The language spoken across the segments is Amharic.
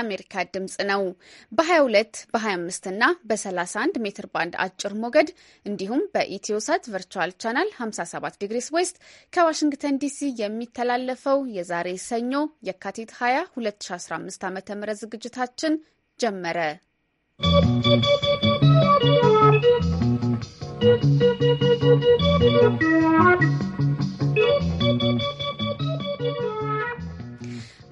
የአሜሪካ ድምፅ ነው። በ22 በ25 እና በ31 ሜትር ባንድ አጭር ሞገድ እንዲሁም በኢትዮሳት ቨርቹዋል ቻናል 57 ዲግሪስ ዌስት ከዋሽንግተን ዲሲ የሚተላለፈው የዛሬ ሰኞ የካቲት 20 2015 ዓ ም ዝግጅታችን ጀመረ። ¶¶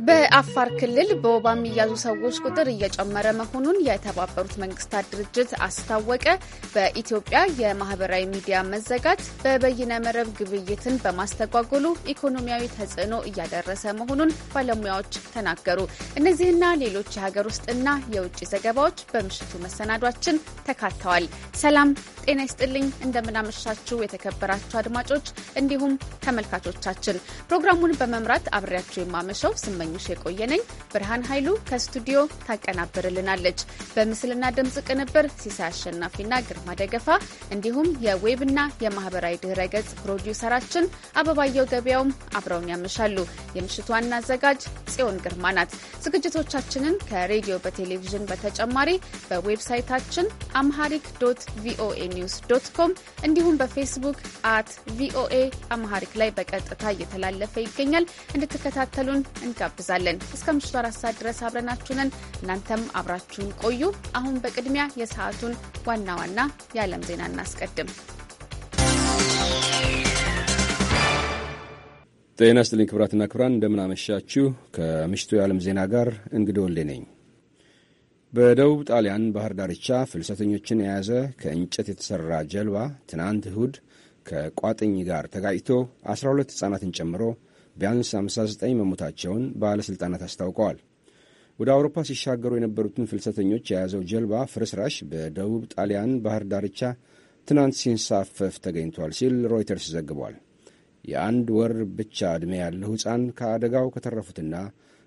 በአፋር ክልል በወባ የሚያዙ ሰዎች ቁጥር እየጨመረ መሆኑን የተባበሩት መንግስታት ድርጅት አስታወቀ። በኢትዮጵያ የማህበራዊ ሚዲያ መዘጋት በበይነ መረብ ግብይትን በማስተጓጎሉ ኢኮኖሚያዊ ተጽዕኖ እያደረሰ መሆኑን ባለሙያዎች ተናገሩ። እነዚህና ሌሎች የሀገር ውስጥና የውጭ ዘገባዎች በምሽቱ መሰናዷችን ተካተዋል። ሰላም ጤና ይስጥልኝ። እንደምናመሻችሁ የተከበራችሁ አድማጮች እንዲሁም ተመልካቾቻችን ፕሮግራሙን በመምራት አብሬያችሁ የማመሸው ስመኝ ስመኝሽ የቆየነኝ። ብርሃን ኃይሉ ከስቱዲዮ ታቀናብርልናለች። በምስልና ድምፅ ቅንብር ሲሳይ አሸናፊና ግርማ ደገፋ እንዲሁም የዌብና የማህበራዊ ድህረ ገጽ ፕሮዲውሰራችን አበባየው ገበያውም አብረውን ያመሻሉ። የምሽቱ ዋና አዘጋጅ ጽዮን ግርማ ናት። ዝግጅቶቻችንን ከሬዲዮ በቴሌቪዥን በተጨማሪ በዌብሳይታችን አምሃሪክ ዶት ቪኦኤ ኒውስ ዶት ኮም እንዲሁም በፌስቡክ አት ቪኦኤ አምሃሪክ ላይ በቀጥታ እየተላለፈ ይገኛል። እንድትከታተሉን እንጋብዛል። እንጋብዛለን። እስከ ምሽቱ አራት ሰዓት ድረስ አብረናችሁንን እናንተም አብራችሁን ቆዩ። አሁን በቅድሚያ የሰዓቱን ዋና ዋና የዓለም ዜና እናስቀድም። ጤና ስጥልኝ ክብራትና ክብራን፣ እንደምናመሻችሁ። ከምሽቱ የዓለም ዜና ጋር እንግዲህ ወሌ ነኝ። በደቡብ ጣሊያን ባህር ዳርቻ ፍልሰተኞችን የያዘ ከእንጨት የተሠራ ጀልባ ትናንት እሁድ ከቋጥኝ ጋር ተጋጭቶ 12 ሕፃናትን ጨምሮ ቢያንስ 59 መሞታቸውን ባለሥልጣናት አስታውቀዋል። ወደ አውሮፓ ሲሻገሩ የነበሩትን ፍልሰተኞች የያዘው ጀልባ ፍርስራሽ በደቡብ ጣሊያን ባህር ዳርቻ ትናንት ሲንሳፈፍ ተገኝቷል ሲል ሮይተርስ ዘግቧል። የአንድ ወር ብቻ ዕድሜ ያለው ሕፃን ከአደጋው ከተረፉትና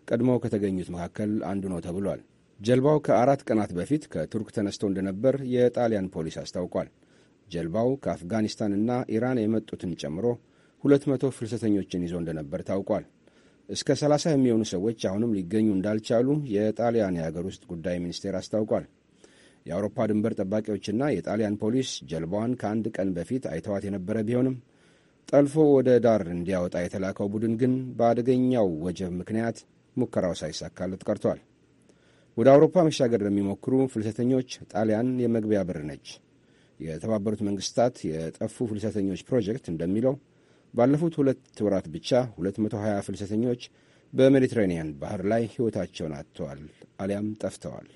ቀድሞ ከተገኙት መካከል አንዱ ነው ተብሏል። ጀልባው ከአራት ቀናት በፊት ከቱርክ ተነስቶ እንደነበር የጣሊያን ፖሊስ አስታውቋል። ጀልባው ከአፍጋኒስታንና ኢራን የመጡትን ጨምሮ 200 ፍልሰተኞችን ይዞ እንደነበር ታውቋል። እስከ 30 የሚሆኑ ሰዎች አሁንም ሊገኙ እንዳልቻሉ የጣሊያን የአገር ውስጥ ጉዳይ ሚኒስቴር አስታውቋል። የአውሮፓ ድንበር ጠባቂዎችና የጣሊያን ፖሊስ ጀልባዋን ከአንድ ቀን በፊት አይተዋት የነበረ ቢሆንም ጠልፎ ወደ ዳር እንዲያወጣ የተላከው ቡድን ግን በአደገኛው ወጀብ ምክንያት ሙከራው ሳይሳካለት ቀርቷል። ወደ አውሮፓ መሻገር ለሚሞክሩ ፍልሰተኞች ጣሊያን የመግቢያ በር ነች። የተባበሩት መንግስታት የጠፉ ፍልሰተኞች ፕሮጀክት እንደሚለው ባለፉት ሁለት ወራት ብቻ 220 ፍልሰተኞች በሜዲትራኒያን ባህር ላይ ሕይወታቸውን አጥተዋል አሊያም ጠፍተዋል።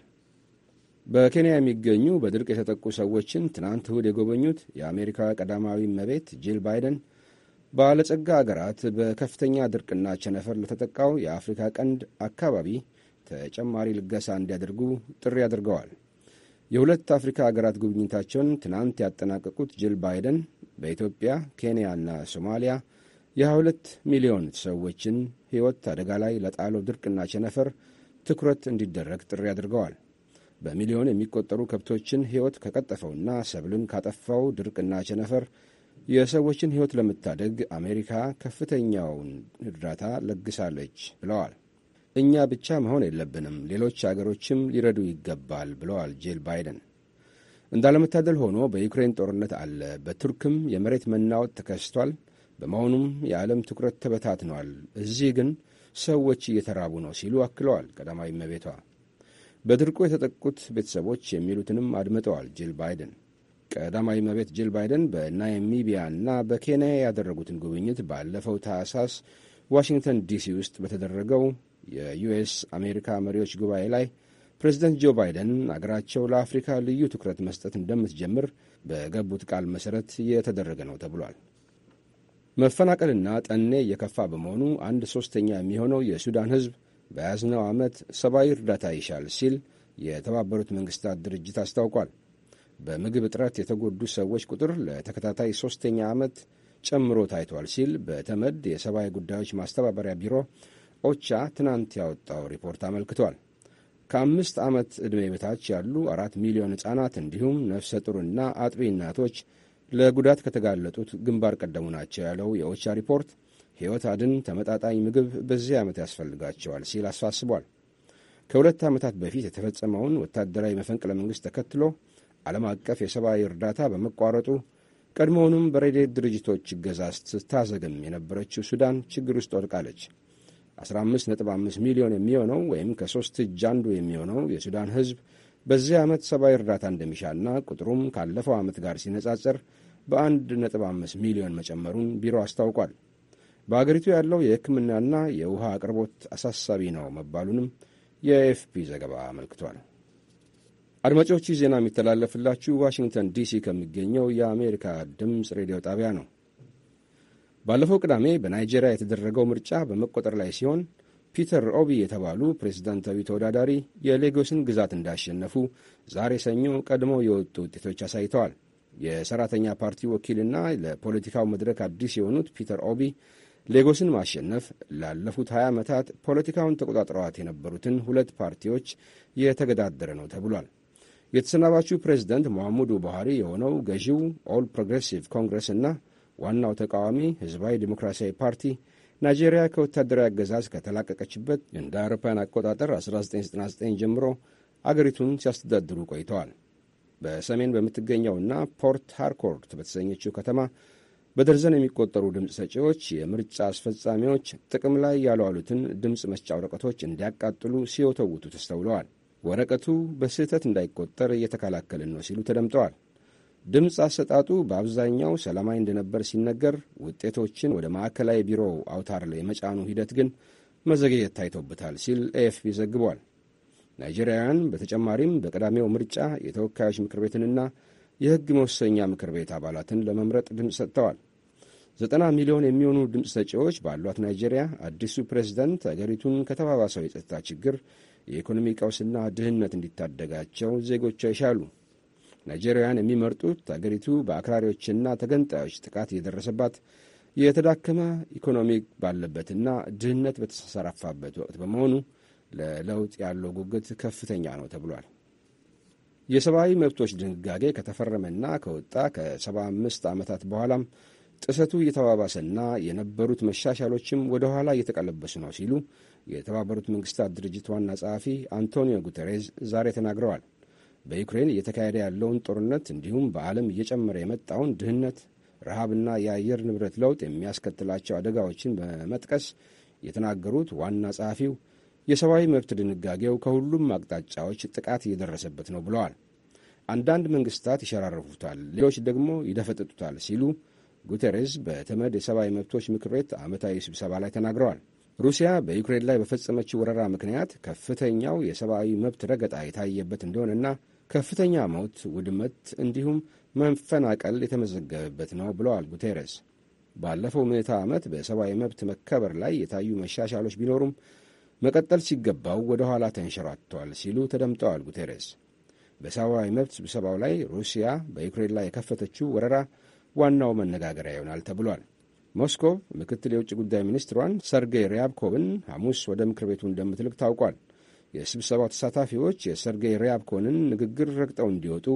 በኬንያ የሚገኙ በድርቅ የተጠቁ ሰዎችን ትናንት እሁድ የጎበኙት የአሜሪካ ቀዳማዊ እመቤት ጂል ባይደን ባለጸጋ አገራት በከፍተኛ ድርቅና ቸነፈር ለተጠቃው የአፍሪካ ቀንድ አካባቢ ተጨማሪ ልገሳ እንዲያደርጉ ጥሪ አድርገዋል። የሁለት አፍሪካ አገራት ጉብኝታቸውን ትናንት ያጠናቀቁት ጂል ባይደን በኢትዮጵያ ኬንያና ሶማሊያ የ22 ሚሊዮን ሰዎችን ሕይወት አደጋ ላይ ለጣለው ድርቅና ቸነፈር ትኩረት እንዲደረግ ጥሪ አድርገዋል። በሚሊዮን የሚቆጠሩ ከብቶችን ሕይወት ከቀጠፈውና ሰብልን ካጠፋው ድርቅና ቸነፈር የሰዎችን ሕይወት ለመታደግ አሜሪካ ከፍተኛውን እርዳታ ለግሳለች ብለዋል። እኛ ብቻ መሆን የለብንም፣ ሌሎች አገሮችም ሊረዱ ይገባል ብለዋል ጄል ባይደን። እንዳለመታደል ሆኖ በዩክሬን ጦርነት አለ። በቱርክም የመሬት መናወጥ ተከስቷል። በመሆኑም የዓለም ትኩረት ተበታትነዋል። እዚህ ግን ሰዎች እየተራቡ ነው ሲሉ አክለዋል ቀዳማዊ እመቤቷ። በድርቁ የተጠቁት ቤተሰቦች የሚሉትንም አድምጠዋል ጂል ባይደን። ቀዳማዊ እመቤት ጂል ባይደን በናሚቢያ እና በኬንያ ያደረጉትን ጉብኝት ባለፈው ታህሳስ ዋሽንግተን ዲሲ ውስጥ በተደረገው የዩኤስ አሜሪካ መሪዎች ጉባኤ ላይ ፕሬዚደንት ጆ ባይደን አገራቸው ለአፍሪካ ልዩ ትኩረት መስጠት እንደምትጀምር በገቡት ቃል መሠረት የተደረገ ነው ተብሏል። መፈናቀልና ጠኔ እየከፋ በመሆኑ አንድ ሦስተኛ የሚሆነው የሱዳን ሕዝብ በያዝነው ዓመት ሰብአዊ እርዳታ ይሻል ሲል የተባበሩት መንግሥታት ድርጅት አስታውቋል። በምግብ እጥረት የተጎዱ ሰዎች ቁጥር ለተከታታይ ሦስተኛ ዓመት ጨምሮ ታይቷል ሲል በተመድ የሰብአዊ ጉዳዮች ማስተባበሪያ ቢሮ ኦቻ ትናንት ያወጣው ሪፖርት አመልክቷል። ከአምስት ዓመት ዕድሜ በታች ያሉ አራት ሚሊዮን ሕፃናት እንዲሁም ነፍሰ ጡርና አጥቢ እናቶች ለጉዳት ከተጋለጡት ግንባር ቀደሙ ናቸው ያለው የኦቻ ሪፖርት ሕይወት አድን ተመጣጣኝ ምግብ በዚህ ዓመት ያስፈልጋቸዋል ሲል አሳስቧል። ከሁለት ዓመታት በፊት የተፈጸመውን ወታደራዊ መፈንቅለ መንግሥት ተከትሎ ዓለም አቀፍ የሰብአዊ እርዳታ በመቋረጡ ቀድሞውንም በረድኤት ድርጅቶች እገዛ ስታዘግም የነበረችው ሱዳን ችግር ውስጥ ወድቃለች። 15.5 ሚሊዮን የሚሆነው ወይም ከሶስት እጅ አንዱ የሚሆነው የሱዳን ህዝብ በዚህ ዓመት ሰብአዊ እርዳታ እንደሚሻልና ቁጥሩም ካለፈው ዓመት ጋር ሲነጻጸር በ1.5 ሚሊዮን መጨመሩን ቢሮ አስታውቋል። በአገሪቱ ያለው የሕክምናና የውሃ አቅርቦት አሳሳቢ ነው መባሉንም የኤፍፒ ዘገባ አመልክቷል። አድማጮች ዜና የሚተላለፍላችሁ ዋሽንግተን ዲሲ ከሚገኘው የአሜሪካ ድምፅ ሬዲዮ ጣቢያ ነው። ባለፈው ቅዳሜ በናይጄሪያ የተደረገው ምርጫ በመቆጠር ላይ ሲሆን ፒተር ኦቢ የተባሉ ፕሬዝዳንታዊ ተወዳዳሪ የሌጎስን ግዛት እንዳሸነፉ ዛሬ ሰኞ ቀድሞ የወጡ ውጤቶች አሳይተዋል። የሰራተኛ ፓርቲ ወኪልና ለፖለቲካው መድረክ አዲስ የሆኑት ፒተር ኦቢ ሌጎስን ማሸነፍ ላለፉት 20 ዓመታት ፖለቲካውን ተቆጣጥረዋት የነበሩትን ሁለት ፓርቲዎች የተገዳደረ ነው ተብሏል። የተሰናባቹ ፕሬዝደንት ሞሐሙዱ ቡሃሪ የሆነው ገዢው ኦል ፕሮግሬሲቭ ኮንግረስ እና ዋናው ተቃዋሚ ህዝባዊ ዲሞክራሲያዊ ፓርቲ ናይጄሪያ ከወታደራዊ አገዛዝ ከተላቀቀችበት እንደ አውሮፓውያን አቆጣጠር 1999 ጀምሮ አገሪቱን ሲያስተዳድሩ ቆይተዋል። በሰሜን በምትገኘውና ፖርት ሃርኮርት በተሰኘችው ከተማ በደርዘን የሚቆጠሩ ድምፅ ሰጪዎች የምርጫ አስፈጻሚዎች ጥቅም ላይ ያልዋሉትን ድምፅ መስጫ ወረቀቶች እንዲያቃጥሉ ሲወተውቱ ተስተውለዋል። ወረቀቱ በስህተት እንዳይቆጠር እየተከላከልን ነው ሲሉ ተደምጠዋል። ድምፅ አሰጣጡ በአብዛኛው ሰላማዊ እንደነበር ሲነገር ውጤቶችን ወደ ማዕከላዊ ቢሮ አውታር ላይ የመጫኑ ሂደት ግን መዘግየት ታይቶበታል ሲል ኤኤፍፒ ዘግቧል። ናይጄሪያውያን በተጨማሪም በቀዳሚው ምርጫ የተወካዮች ምክር ቤትንና የሕግ መወሰኛ ምክር ቤት አባላትን ለመምረጥ ድምፅ ሰጥተዋል። ዘጠና ሚሊዮን የሚሆኑ ድምፅ ሰጪዎች ባሏት ናይጄሪያ አዲሱ ፕሬዝዳንት አገሪቱን ከተባባሰው የጸጥታ ችግር፣ የኢኮኖሚ ቀውስና ድህነት እንዲታደጋቸው ዜጎቿ ይሻሉ። ናይጄሪያውያን የሚመርጡት አገሪቱ በአክራሪዎችና ተገንጣዮች ጥቃት እየደረሰባት የተዳከመ ኢኮኖሚ ባለበትና ድህነት በተሰራፋበት ወቅት በመሆኑ ለለውጥ ያለው ጉጉት ከፍተኛ ነው ተብሏል። የሰብአዊ መብቶች ድንጋጌ ከተፈረመና ከወጣ ከ75 ዓመታት በኋላም ጥሰቱ እየተባባሰና የነበሩት መሻሻሎችም ወደ ኋላ እየተቀለበሱ ነው ሲሉ የተባበሩት መንግስታት ድርጅት ዋና ጸሐፊ አንቶኒዮ ጉተሬዝ ዛሬ ተናግረዋል። በዩክሬን እየተካሄደ ያለውን ጦርነት እንዲሁም በዓለም እየጨመረ የመጣውን ድህነት፣ ረሃብና የአየር ንብረት ለውጥ የሚያስከትላቸው አደጋዎችን በመጥቀስ የተናገሩት ዋና ጸሐፊው የሰብአዊ መብት ድንጋጌው ከሁሉም አቅጣጫዎች ጥቃት እየደረሰበት ነው ብለዋል። አንዳንድ መንግስታት ይሸራረፉታል፣ ሌሎች ደግሞ ይደፈጥጡታል ሲሉ ጉተሬስ በተመድ የሰብአዊ መብቶች ምክር ቤት ዓመታዊ ስብሰባ ላይ ተናግረዋል። ሩሲያ በዩክሬን ላይ በፈጸመችው ወረራ ምክንያት ከፍተኛው የሰብአዊ መብት ረገጣ የታየበት እንደሆነና ከፍተኛ ሞት፣ ውድመት እንዲሁም መፈናቀል የተመዘገበበት ነው ብለዋል ጉቴረስ ባለፈው ምዕተ ዓመት በሰብአዊ መብት መከበር ላይ የታዩ መሻሻሎች ቢኖሩም መቀጠል ሲገባው ወደ ኋላ ተንሸራቷል ሲሉ ተደምጠዋል ጉቴረስ። በሰብአዊ መብት ስብሰባው ላይ ሩሲያ በዩክሬን ላይ የከፈተችው ወረራ ዋናው መነጋገሪያ ይሆናል ተብሏል። ሞስኮቭ ምክትል የውጭ ጉዳይ ሚኒስትሯን ሰርጌይ ሪያብኮቭን ሐሙስ ወደ ምክር ቤቱ እንደምትልክ ታውቋል። የስብሰባው ተሳታፊዎች የሰርጌይ ሪያብኮንን ንግግር ረግጠው እንዲወጡ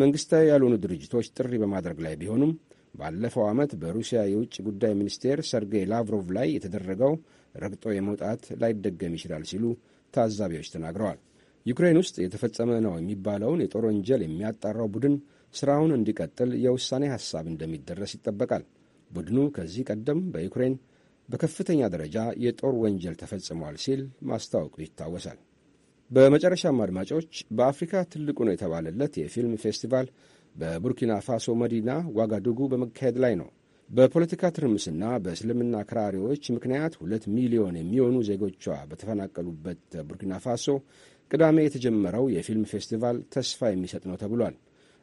መንግሥታዊ ያልሆኑ ድርጅቶች ጥሪ በማድረግ ላይ ቢሆኑም ባለፈው ዓመት በሩሲያ የውጭ ጉዳይ ሚኒስቴር ሰርጌይ ላቭሮቭ ላይ የተደረገው ረግጦ የመውጣት ላይደገም ይችላል ሲሉ ታዛቢዎች ተናግረዋል። ዩክሬን ውስጥ የተፈጸመ ነው የሚባለውን የጦር ወንጀል የሚያጣራው ቡድን ስራውን እንዲቀጥል የውሳኔ ሐሳብ እንደሚደረስ ይጠበቃል። ቡድኑ ከዚህ ቀደም በዩክሬን በከፍተኛ ደረጃ የጦር ወንጀል ተፈጽሟል ሲል ማስታወቁ ይታወሳል። በመጨረሻም አድማጮች በአፍሪካ ትልቁ ነው የተባለለት የፊልም ፌስቲቫል በቡርኪና ፋሶ መዲና ዋጋዱጉ በመካሄድ ላይ ነው። በፖለቲካ ትርምስና በእስልምና ክራሪዎች ምክንያት ሁለት ሚሊዮን የሚሆኑ ዜጎቿ በተፈናቀሉበት ቡርኪና ፋሶ ቅዳሜ የተጀመረው የፊልም ፌስቲቫል ተስፋ የሚሰጥ ነው ተብሏል።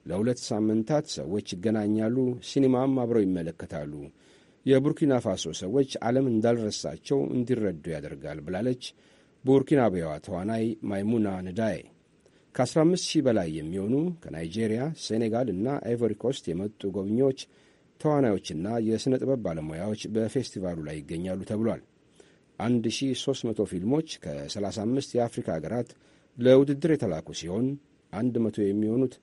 ለሁለት ሳምንታት ሰዎች ይገናኛሉ፣ ሲኒማም አብረው ይመለከታሉ። የቡርኪና ፋሶ ሰዎች ዓለም እንዳልረሳቸው እንዲረዱ ያደርጋል ብላለች ቡርኪናቤዋ ተዋናይ ማይሙና ንዳዬ ከ15 ሺህ በላይ የሚሆኑ ከናይጄሪያ፣ ሴኔጋል እና አይቮሪኮስት የመጡ ጎብኚዎች፣ ተዋናዮችና የሥነ ጥበብ ባለሙያዎች በፌስቲቫሉ ላይ ይገኛሉ ተብሏል። 1300 ፊልሞች ከ35 የአፍሪካ አገራት ለውድድር የተላኩ ሲሆን 100 የሚሆኑት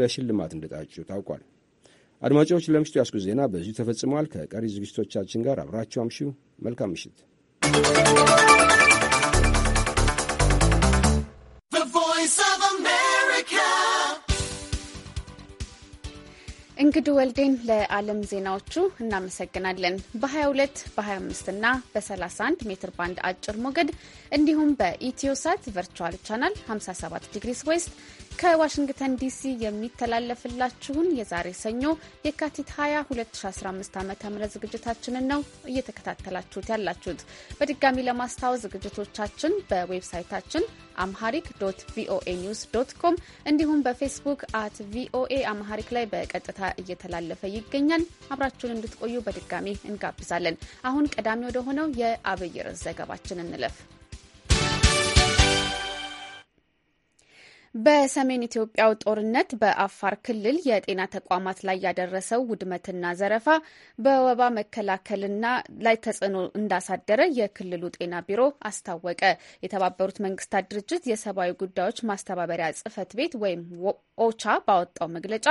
ለሽልማት እንደታጩ ታውቋል። አድማጮች፣ ለምሽቱ ያስኩት ዜና በዚሁ ተፈጽመዋል። ከቀሪ ዝግጅቶቻችን ጋር አብራችሁ አምሹ። መልካም ምሽት። እንግዲህ ወልዴን ለዓለም ዜናዎቹ እናመሰግናለን። በ22 በ25 እና በ31 ሜትር ባንድ አጭር ሞገድ እንዲሁም በኢትዮሳት ቨርቹዋል ቻናል 57 ዲግሪስ ዌስት ከዋሽንግተን ዲሲ የሚተላለፍላችሁን የዛሬ ሰኞ የካቲት 20 2015 ዓ ም ዝግጅታችንን ነው እየተከታተላችሁት ያላችሁት። በድጋሚ ለማስታወስ ዝግጅቶቻችን በዌብሳይታችን አምሃሪክ ዶት ቪኦኤ ኒውስ ዶት ኮም እንዲሁም በፌስቡክ አት ቪኦኤ አምሃሪክ ላይ በቀጥታ እየተላለፈ ይገኛል። አብራችሁን እንድትቆዩ በድጋሚ እንጋብዛለን። አሁን ቀዳሚ ወደሆነው የአብይ ርዕስ ዘገባችን እንለፍ። በሰሜን ኢትዮጵያው ጦርነት በአፋር ክልል የጤና ተቋማት ላይ ያደረሰው ውድመትና ዘረፋ በወባ መከላከልና ላይ ተጽዕኖ እንዳሳደረ የክልሉ ጤና ቢሮ አስታወቀ። የተባበሩት መንግስታት ድርጅት የሰብአዊ ጉዳዮች ማስተባበሪያ ጽህፈት ቤት ወይም ኦቻ ባወጣው መግለጫ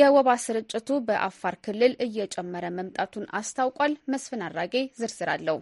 የወባ ስርጭቱ በአፋር ክልል እየጨመረ መምጣቱን አስታውቋል። መስፍን አራጌ ዝርዝር አለው።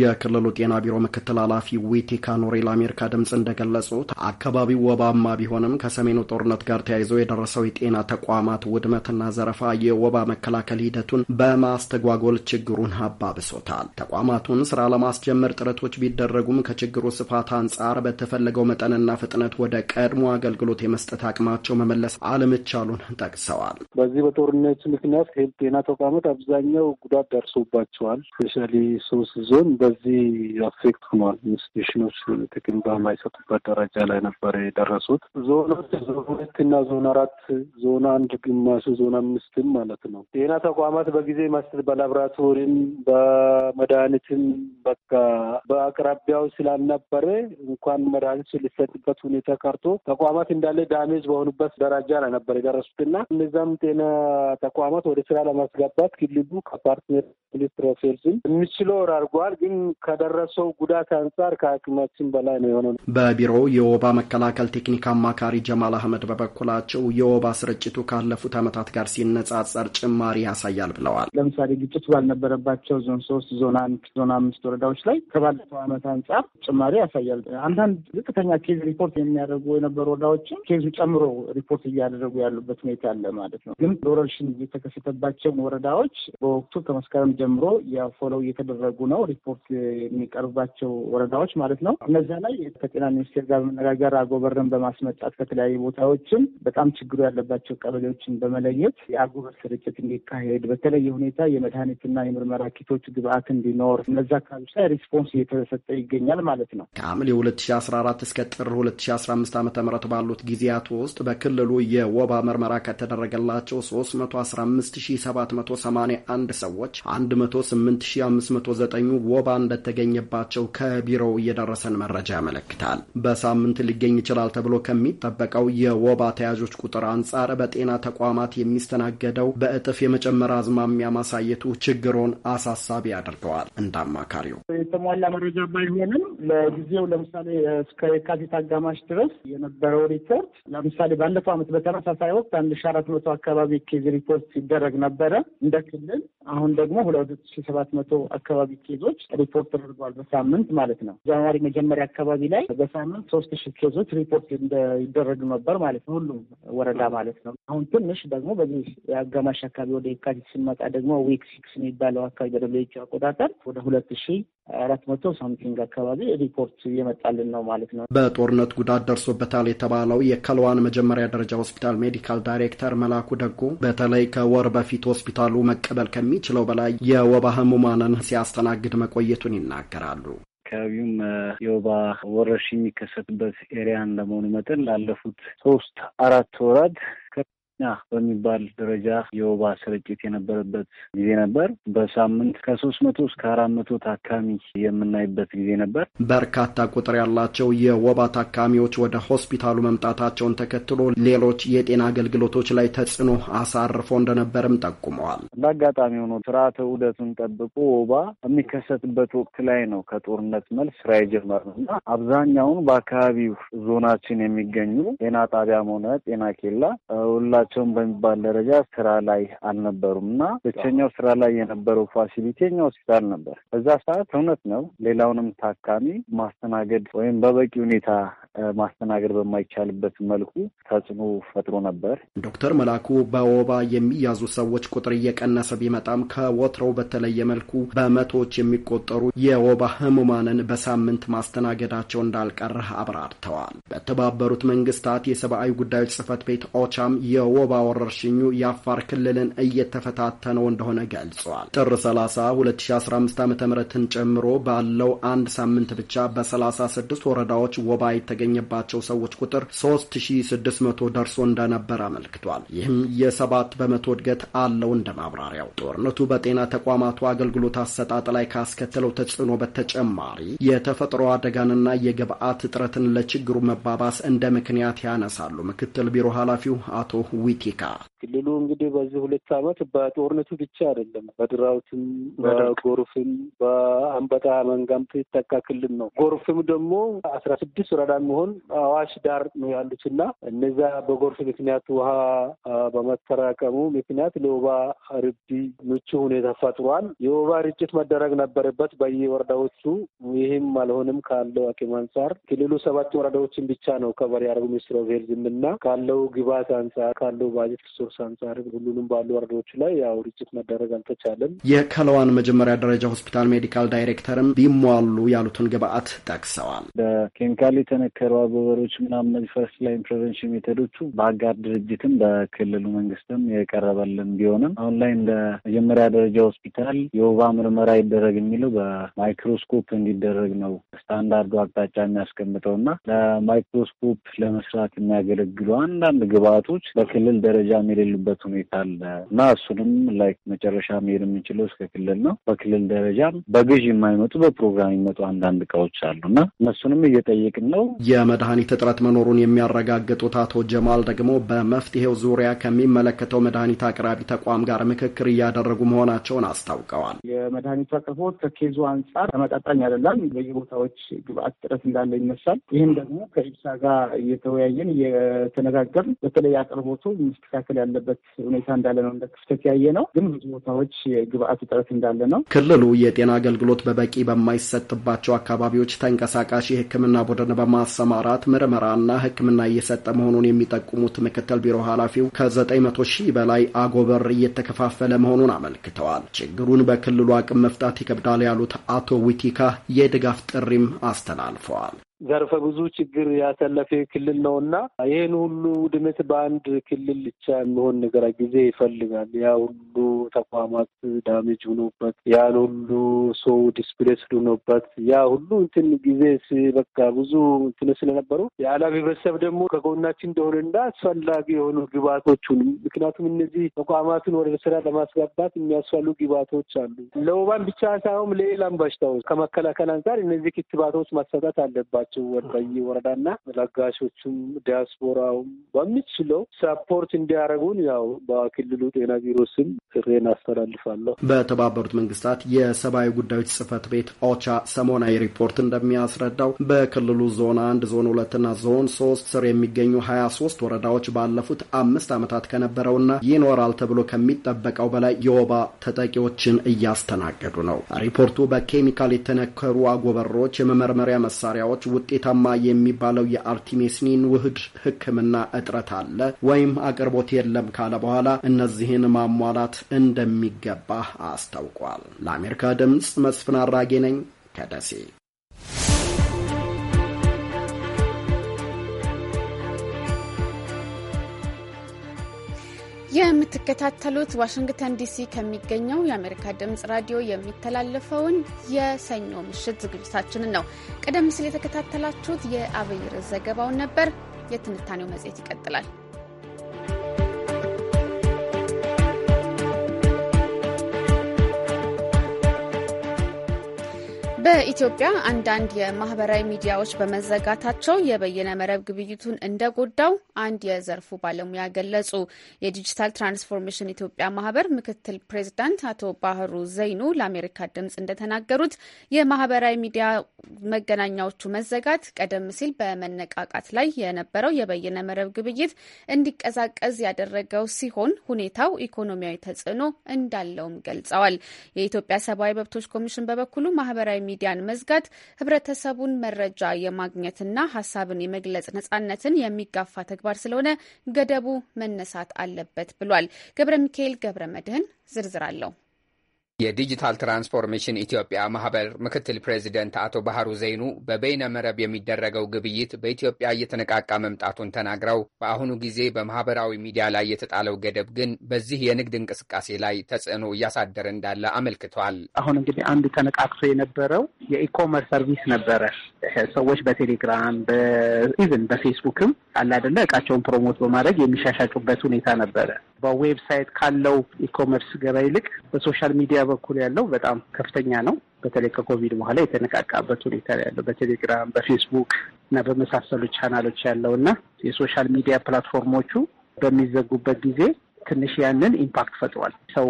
የክልሉ ጤና ቢሮ ምክትል ኃላፊ ዊቲካ ካኖሬ ለአሜሪካ ድምፅ እንደገለጹት አካባቢው ወባማ ቢሆንም ከሰሜኑ ጦርነት ጋር ተያይዘው የደረሰው የጤና ተቋማት ውድመትና ዘረፋ የወባ መከላከል ሂደቱን በማስተጓጎል ችግሩን አባብሶታል። ተቋማቱን ስራ ለማስጀመር ጥረቶች ቢደረጉም ከችግሩ ስፋት አንጻር በተፈለገው መጠንና ፍጥነት ወደ ቀድሞ አገልግሎት የመስጠት አቅማቸው መመለስ አለመቻሉን ጠቅሰዋል። በዚህ በጦርነት ምክንያት ጤና ተቋማት አብዛኛው ጉዳት ደርሶባቸዋል። ስፔሻሊ ሶስት ዞን በዚህ አፌክት ሆኗል። ኢንስቲቱሽኖች ጥቅም በማይሰጡበት ደረጃ ላይ ነበር የደረሱት። ዞኖች ዞን ሁለት ሁለትና ዞን አራት ዞን አንድ ግማሹ ዞን አምስትም ማለት ነው። ጤና ተቋማት በጊዜ መስት በላብራቶሪም በመድኃኒትም በቃ በአቅራቢያው ስላልነበረ እንኳን መድኃኒት ሊሰጥበት ሁኔታ ቀርቶ ተቋማት እንዳለ ዳሜጅ በሆኑበት ደረጃ ላይ ነበር የደረሱት የደረሱትና እነዛም ጤና ተቋማት ወደ ስራ ለማስገባት ክልሉ ከፓርትነር ሚኒስትር ኦፍ ሄልዝም የሚችለው አድርጓል። ግን ከደረሰው ጉዳት አንጻር ከአቅማችን በላይ ነው የሆነ። በቢሮው የወባ መከላከል ቴክኒክ አማካሪ ጀማል አህመድ በበኩላቸው የወባ ስርጭቱ ካለፉት ዓመታት ጋር ሲነጻጸር ጭማሪ ያሳያል ብለዋል። ለምሳሌ ግጭት ባልነበረባቸው ዞን ሶስት፣ ዞን አንድ፣ ዞን አምስት ወረዳዎች ላይ ከባለፈው ዓመት አንጻር ጭማሪ ያሳያል። አንዳንድ ዝቅተኛ ኬዝ ሪፖርት የሚያደርጉ የነበሩ ወረዳዎችም ኬዙ ጨምሮ ሪፖርት እያደረጉ ያሉበት ሁኔታ አለ ማለት ነው። ግን ወረርሽኝ የተከሰተባቸውን ወረዳዎች በወቅቱ ከመስከረም ጀምሮ የፎሎው እየተደረጉ ነው ሪፖርት ሪፖርት የሚቀርባቸው ወረዳዎች ማለት ነው። እነዚያ ላይ ከጤና ሚኒስቴር ጋር በመነጋገር አጎበርን በማስመጣት ከተለያዩ ቦታዎችም በጣም ችግሩ ያለባቸው ቀበሌዎችን በመለየት የአጎበር ስርጭት እንዲካሄድ በተለየ ሁኔታ የመድኃኒትና የምርመራ ኪቶች ግብአት እንዲኖር እነዚ አካባቢዎች ላይ ሪስፖንስ እየተሰጠ ይገኛል ማለት ነው። ከሐምሌ 2014 እስከ ጥር 2015 ዓ ም ባሉት ጊዜያት ውስጥ በክልሉ የወባ ምርመራ ከተደረገላቸው 315781 ሰዎች 108509 ወባን እንደተገኘባቸው ከቢሮው እየደረሰን መረጃ ያመለክታል። በሳምንት ሊገኝ ይችላል ተብሎ ከሚጠበቀው የወባ ተያዦች ቁጥር አንጻር በጤና ተቋማት የሚስተናገደው በእጥፍ የመጨመር አዝማሚያ ማሳየቱ ችግሩን አሳሳቢ አድርገዋል። እንደ አማካሪው የተሟላ መረጃ ባይሆንም ለጊዜው ለምሳሌ እስከ የካቲት አጋማሽ ድረስ የነበረው ሪፖርት ለምሳሌ ባለፈው ዓመት በተመሳሳይ ወቅት አንድ ሺ አራት መቶ አካባቢ ኬዝ ሪፖርት ሲደረግ ነበረ እንደ ክልል። አሁን ደግሞ ሁለት ሺ ሰባት መቶ አካባቢ ኬዞች ሪፖርት ተደርጓል። በሳምንት ማለት ነው። ጃንዋሪ መጀመሪያ አካባቢ ላይ በሳምንት ሶስት ሺ ኬዞች ሪፖርት ይደረጉ ነበር ማለት ነው፣ ሁሉም ወረዳ ማለት ነው። አሁን ትንሽ ደግሞ በዚህ አጋማሽ አካባቢ ወደ የካቲት ስንመጣ ደግሞ ዊክ ሲክስ የሚባለው አካባቢ በደብች አቆጣጠር ወደ ሁለት ሺ አራት መቶ ሳምቲንግ አካባቢ ሪፖርት እየመጣልን ነው ማለት ነው። በጦርነት ጉዳት ደርሶበታል የተባለው የከልዋን መጀመሪያ ደረጃ ሆስፒታል ሜዲካል ዳይሬክተር መላኩ ደጎ በተለይ ከወር በፊት ሆስፒታሉ መቀበል ከሚችለው በላይ የወባ ህሙማንን ሲያስተናግድ መቆ መቆየቱን ይናገራሉ። አካባቢውም የወባ ወረርሽኝ የሚከሰትበት ኤሪያ እንደመሆኑ መጠን ላለፉት ሶስት አራት ወራት በሚባል ደረጃ የወባ ስርጭት የነበረበት ጊዜ ነበር። በሳምንት ከሶስት መቶ እስከ አራት መቶ ታካሚ የምናይበት ጊዜ ነበር። በርካታ ቁጥር ያላቸው የወባ ታካሚዎች ወደ ሆስፒታሉ መምጣታቸውን ተከትሎ ሌሎች የጤና አገልግሎቶች ላይ ተጽዕኖ አሳርፎ እንደነበርም ጠቁመዋል። በአጋጣሚ ሆኖ ስርዓተ ውደቱን ጠብቆ ወባ የሚከሰትበት ወቅት ላይ ነው ከጦርነት መልስ ስራ የጀመርነው እና አብዛኛውን በአካባቢው ዞናችን የሚገኙ ጤና ጣቢያም ሆነ ጤና ኬላ ሁላ ሁላቸውም በሚባል ደረጃ ስራ ላይ አልነበሩም እና ብቸኛው ስራ ላይ የነበረው ፋሲሊቲ የኛ ሆስፒታል ነበር። በዛ ሰዓት እውነት ነው ሌላውንም ታካሚ ማስተናገድ ወይም በበቂ ሁኔታ ማስተናገድ በማይቻልበት መልኩ ተጽዕኖ ፈጥሮ ነበር። ዶክተር መላኩ በወባ የሚያዙ ሰዎች ቁጥር እየቀነሰ ቢመጣም ከወትሮው በተለየ መልኩ በመቶዎች የሚቆጠሩ የወባ ህሙማንን በሳምንት ማስተናገዳቸው እንዳልቀረ አብራርተዋል። በተባበሩት መንግስታት የሰብአዊ ጉዳዮች ጽህፈት ቤት ኦቻም የወ የወባ ወረርሽኙ የአፋር ክልልን እየተፈታተነው እንደሆነ ገልጿል። ጥር 30 2015 ዓ ምትን ጨምሮ ባለው አንድ ሳምንት ብቻ በ36 ወረዳዎች ወባ የተገኘባቸው ሰዎች ቁጥር 3600 ደርሶ እንደነበር አመልክቷል። ይህም የሰባት በመቶ እድገት አለው። እንደ ማብራሪያው ጦርነቱ በጤና ተቋማቱ አገልግሎት አሰጣጥ ላይ ካስከተለው ተጽዕኖ በተጨማሪ የተፈጥሮ አደጋንና የግብአት እጥረትን ለችግሩ መባባስ እንደ ምክንያት ያነሳሉ ምክትል ቢሮ ኃላፊው አቶ wiki kaa ክልሉ እንግዲህ በዚህ ሁለት ዓመት በጦርነቱ ብቻ አይደለም፣ በድራውትም በጎርፍም በአንበጣ መንጋም ተጠቃ ክልል ነው። ጎርፍም ደግሞ አስራ ስድስት ወረዳ የሚሆን አዋሽ ዳር ነው ያሉት እና እነዚያ በጎርፍ ምክንያት ውሃ በመተራቀሙ ምክንያት ለወባ ርቢ ምቹ ሁኔታ ፈጥሯል። የወባ ርጭት መደረግ ነበረበት በየወረዳዎቹ። ይህም አልሆንም ካለው አቅም አንጻር ክልሉ ሰባት ወረዳዎችን ብቻ ነው ከበሬ አረብ ሚኒስትር ኦፍ ሄልዝ እና ካለው ግባት አንጻር ካለው ባጀት ከሪሶርስ አንጻር ሁሉንም ባሉ ወረዳዎች ላይ ያው ርጭት መደረግ አልተቻለም። የከለዋን መጀመሪያ ደረጃ ሆስፒታል ሜዲካል ዳይሬክተርም ቢሟሉ ያሉትን ግብአት ጠቅሰዋል። በኬሚካል የተነከሩ አጎበሮች ምናምን እነዚህ ፈርስት ላይን ፕሬቨንሽን ሜቶዶቹ በአጋር ድርጅትም በክልሉ መንግስትም የቀረበልን ቢሆንም አሁን ላይ እንደ መጀመሪያ ደረጃ ሆስፒታል የወባ ምርመራ ይደረግ የሚለው በማይክሮስኮፕ እንዲደረግ ነው ስታንዳርዱ አቅጣጫ የሚያስቀምጠው እና ለማይክሮስኮፕ ለመስራት የሚያገለግሉ አንዳንድ ግብአቶች በክልል ደረጃ ሜዲ የሌሉበት ሁኔታ አለ እና እሱንም ላይ መጨረሻ መሄድ የምንችለው እስከ ክልል ነው። በክልል ደረጃም በግዥ የማይመጡ በፕሮግራም የሚመጡ አንዳንድ እቃዎች አሉ እና እነሱንም እየጠየቅን ነው። የመድኃኒት እጥረት መኖሩን የሚያረጋግጡት አቶ ጀማል ደግሞ በመፍትሄው ዙሪያ ከሚመለከተው መድኃኒት አቅራቢ ተቋም ጋር ምክክር እያደረጉ መሆናቸውን አስታውቀዋል። የመድኃኒቱ አቅርቦት ከኬዙ አንጻር ተመጣጣኝ አይደለም። በየቦታዎች ግብአት እጥረት እንዳለ ይነሳል። ይህም ደግሞ ከኢብሳ ጋር እየተወያየን እየተነጋገርን በተለይ አቅርቦቱ መስተካከል ያለ ያለበት ሁኔታ እንዳለ ነው። እንደ ክፍተት ያየ ነው። ግን ብዙ ቦታዎች የግብአት እጥረት እንዳለ ነው። ክልሉ የጤና አገልግሎት በበቂ በማይሰጥባቸው አካባቢዎች ተንቀሳቃሽ የሕክምና ቡድን በማሰማራት ምርመራና ሕክምና እየሰጠ መሆኑን የሚጠቁሙት ምክትል ቢሮ ኃላፊው ከዘጠኝ መቶ ሺህ በላይ አጎበር እየተከፋፈለ መሆኑን አመልክተዋል። ችግሩን በክልሉ አቅም መፍታት ይከብዳል ያሉት አቶ ዊቲካ የድጋፍ ጥሪም አስተላልፈዋል። ዘርፈ ብዙ ችግር ያሳለፈ ክልል ነው እና ይህን ሁሉ ውድመት በአንድ ክልል ብቻ የሚሆን ነገር ጊዜ ይፈልጋል። ያ ሁሉ ተቋማት ዳሜጅ ሆኖበት፣ ያን ሁሉ ሰው ዲስፕሌስ ሆኖበት፣ ያ ሁሉ እንትን ጊዜ በቃ ብዙ እንትን ስለነበሩ የዓለም ህብረተሰብ ደግሞ ከጎናችን እንደሆነ እና አስፈላጊ የሆኑ ግባቶቹን ምክንያቱም እነዚህ ተቋማትን ወደ ስራ ለማስገባት የሚያስፈሉ ግባቶች አሉ። ለወባን ብቻ ሳይሆን ለሌላም በሽታዎች ከመከላከል አንጻር እነዚህ ክትባቶች ማሰጠት አለባቸው። አላቸው በየወረዳና ለጋሾቹም ዲያስፖራውም በሚችለው ሰፖርት እንዲያደርጉን ያው በክልሉ ጤና ቢሮ ስም ጥሬን አስተላልፋለሁ። በተባበሩት መንግስታት የሰብአዊ ጉዳዮች ጽህፈት ቤት ኦቻ ሰሞናዊ ሪፖርት እንደሚያስረዳው በክልሉ ዞን አንድ ዞን ሁለትና ዞን ሶስት ስር የሚገኙ ሀያ ሶስት ወረዳዎች ባለፉት አምስት ዓመታት ከነበረውና ይኖራል ተብሎ ከሚጠበቀው በላይ የወባ ተጠቂዎችን እያስተናገዱ ነው። ሪፖርቱ በኬሚካል የተነከሩ አጎበሮች፣ የመመርመሪያ መሳሪያዎች ውጤታማ የሚባለው የአርቲሜስኒን ውህድ ህክምና እጥረት አለ ወይም አቅርቦት የለም ካለ በኋላ እነዚህን ማሟላት እንደሚገባ አስታውቋል። ለአሜሪካ ድምፅ መስፍን አራጌ ነኝ ከደሴ የምትከታተሉት ዋሽንግተን ዲሲ ከሚገኘው የአሜሪካ ድምጽ ራዲዮ የሚተላለፈውን የሰኞ ምሽት ዝግጅታችንን ነው። ቀደም ሲል የተከታተላችሁት የአብይር ዘገባውን ነበር። የትንታኔው መጽሔት ይቀጥላል። በኢትዮጵያ አንዳንድ የማህበራዊ ሚዲያዎች በመዘጋታቸው የበይነ መረብ ግብይቱን እንደጎዳው አንድ የዘርፉ ባለሙያ ገለጹ። የዲጂታል ትራንስፎርሜሽን ኢትዮጵያ ማህበር ምክትል ፕሬዚዳንት አቶ ባህሩ ዘይኑ ለአሜሪካ ድምጽ እንደተናገሩት የማህበራዊ ሚዲያ መገናኛዎቹ መዘጋት ቀደም ሲል በመነቃቃት ላይ የነበረው የበይነ መረብ ግብይት እንዲቀዛቀዝ ያደረገው ሲሆን ሁኔታው ኢኮኖሚያዊ ተጽዕኖ እንዳለውም ገልጸዋል። የኢትዮጵያ ሰብአዊ መብቶች ኮሚሽን በበኩሉ ማህበራዊ ሚዲያን መዝጋት ህብረተሰቡን መረጃ የማግኘትና ሀሳብን የመግለጽ ነጻነትን የሚጋፋ ተግባር ስለሆነ ገደቡ መነሳት አለበት ብሏል። ገብረ ሚካኤል ገብረ መድህን ዝርዝር አለው። የዲጂታል ትራንስፎርሜሽን ኢትዮጵያ ማህበር ምክትል ፕሬዚደንት አቶ ባህሩ ዘይኑ በበይነ መረብ የሚደረገው ግብይት በኢትዮጵያ እየተነቃቃ መምጣቱን ተናግረው በአሁኑ ጊዜ በማህበራዊ ሚዲያ ላይ የተጣለው ገደብ ግን በዚህ የንግድ እንቅስቃሴ ላይ ተጽዕኖ እያሳደረ እንዳለ አመልክቷል። አሁን እንግዲህ አንዱ ተነቃቅቶ የነበረው የኢኮመርስ ሰርቪስ ነበረ። ሰዎች በቴሌግራም ኢቨን በፌስቡክም አላደለ እቃቸውን ፕሮሞት በማድረግ የሚሻሻጩበት ሁኔታ ነበረ። በዌብሳይት ካለው ኢኮመርስ ገበያ ይልቅ በሶሻል ሚዲያ በኩል ያለው በጣም ከፍተኛ ነው። በተለይ ከኮቪድ በኋላ የተነቃቃበት ሁኔታ ያለው በቴሌግራም በፌስቡክ እና በመሳሰሉ ቻናሎች ያለው እና የሶሻል ሚዲያ ፕላትፎርሞቹ በሚዘጉበት ጊዜ ትንሽ ያንን ኢምፓክት ፈጥሯል። ሰው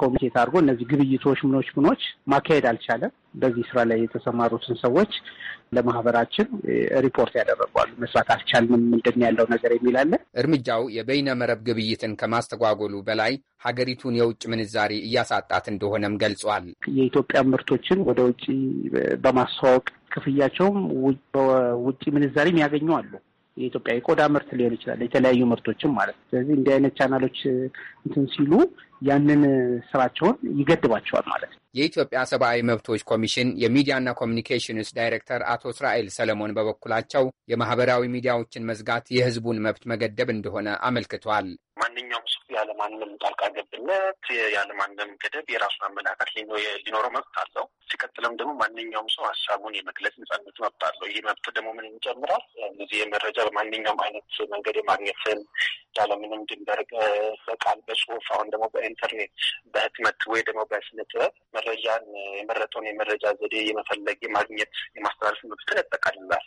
ኮሚቴ አድርጎ እነዚህ ግብይቶች ምኖች ምኖች ማካሄድ አልቻለም። በዚህ ስራ ላይ የተሰማሩትን ሰዎች ለማህበራችን ሪፖርት eh, ያደረጓሉ። መስራት አልቻልንም፣ ምንድን ያለው ነገር የሚላለን። እርምጃው የበይነ መረብ ግብይትን ከማስተጓጎሉ በላይ ሀገሪቱን የውጭ ምንዛሬ እያሳጣት እንደሆነም ገልጿል። የኢትዮጵያ ምርቶችን ወደ ውጭ በማስተዋወቅ ክፍያቸውም በውጭ ምንዛሪም ያገኙ አሉ። የኢትዮጵያ የቆዳ ምርት ሊሆን ይችላል፣ የተለያዩ ምርቶችም ማለት ነው። ስለዚህ እንዲህ አይነት ቻናሎች እንትን ሲሉ ያንን ስራቸውን ይገድባቸዋል ማለት ነው። የኢትዮጵያ ሰብአዊ መብቶች ኮሚሽን የሚዲያና ኮሚኒኬሽንስ ዳይሬክተር አቶ እስራኤል ሰለሞን በበኩላቸው የማህበራዊ ሚዲያዎችን መዝጋት የህዝቡን መብት መገደብ እንደሆነ አመልክቷል። ያለማንም ጣልቃ ገብነት ያለማንም ገደብ የራሱን አመለካከት ሊኖረው መብት አለው። ሲቀጥለም ደግሞ ማንኛውም ሰው ሀሳቡን የመግለጽ ነጻነት መብት አለው። ይህ መብት ደግሞ ምን ይጨምራል? እነዚህ የመረጃ በማንኛውም አይነት መንገድ የማግኘትን ያለምንም ድንበር በቃል በጽሁፍ አሁን ደግሞ በኢንተርኔት በህትመት ወይ ደግሞ በስነ ጥበብ መረጃን የመረጠውን የመረጃ ዘዴ የመፈለግ የማግኘት የማስተላለፍ መብትን ያጠቃልላል።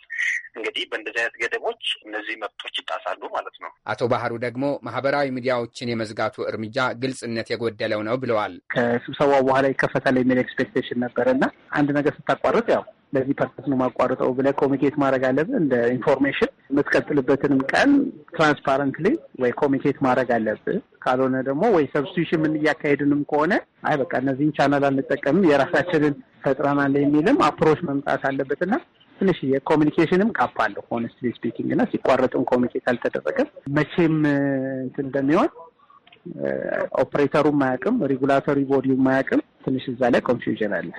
እንግዲህ በእንደዚህ አይነት ገደቦች እነዚህ መብቶች ይጣሳሉ ማለት ነው። አቶ ባህሩ ደግሞ ማህበራዊ ሚዲያዎችን መንገዶችን የመዝጋቱ እርምጃ ግልጽነት የጎደለው ነው ብለዋል። ከስብሰባው በኋላ ይከፈታል የሚል ኤክስፔክቴሽን ነበረ እና አንድ ነገር ስታቋርጥ ያው ለዚህ ፐርፐስ ነው ማቋረጠው ብለህ ኮሚኒኬት ማድረግ አለብህ። እንደ ኢንፎርሜሽን የምትቀጥልበትንም ቀን ትራንስፓረንትሊ ወይ ኮሚኒኬት ማድረግ አለብህ። ካልሆነ ደግሞ ወይ ሰብስቲሽን ምን እያካሄድንም ከሆነ አይ በቃ እነዚህን ቻናል አንጠቀምም የራሳችንን ፈጥረናል የሚልም አፕሮች መምጣት አለበትና ትንሽ የኮሚኒኬሽንም ጋፕ አለው ሆነስትሊ ስፒኪንግ እና ሲቋረጥም ኮሚኒኬት አልተደረገም መቼም እንትን እንደሚሆን ኦፕሬተሩ ማያቅም፣ ሬጉላቶሪ ቦዲው ማያቅም፣ ትንሽ እዛ ላይ ኮንፊውዥን አለ።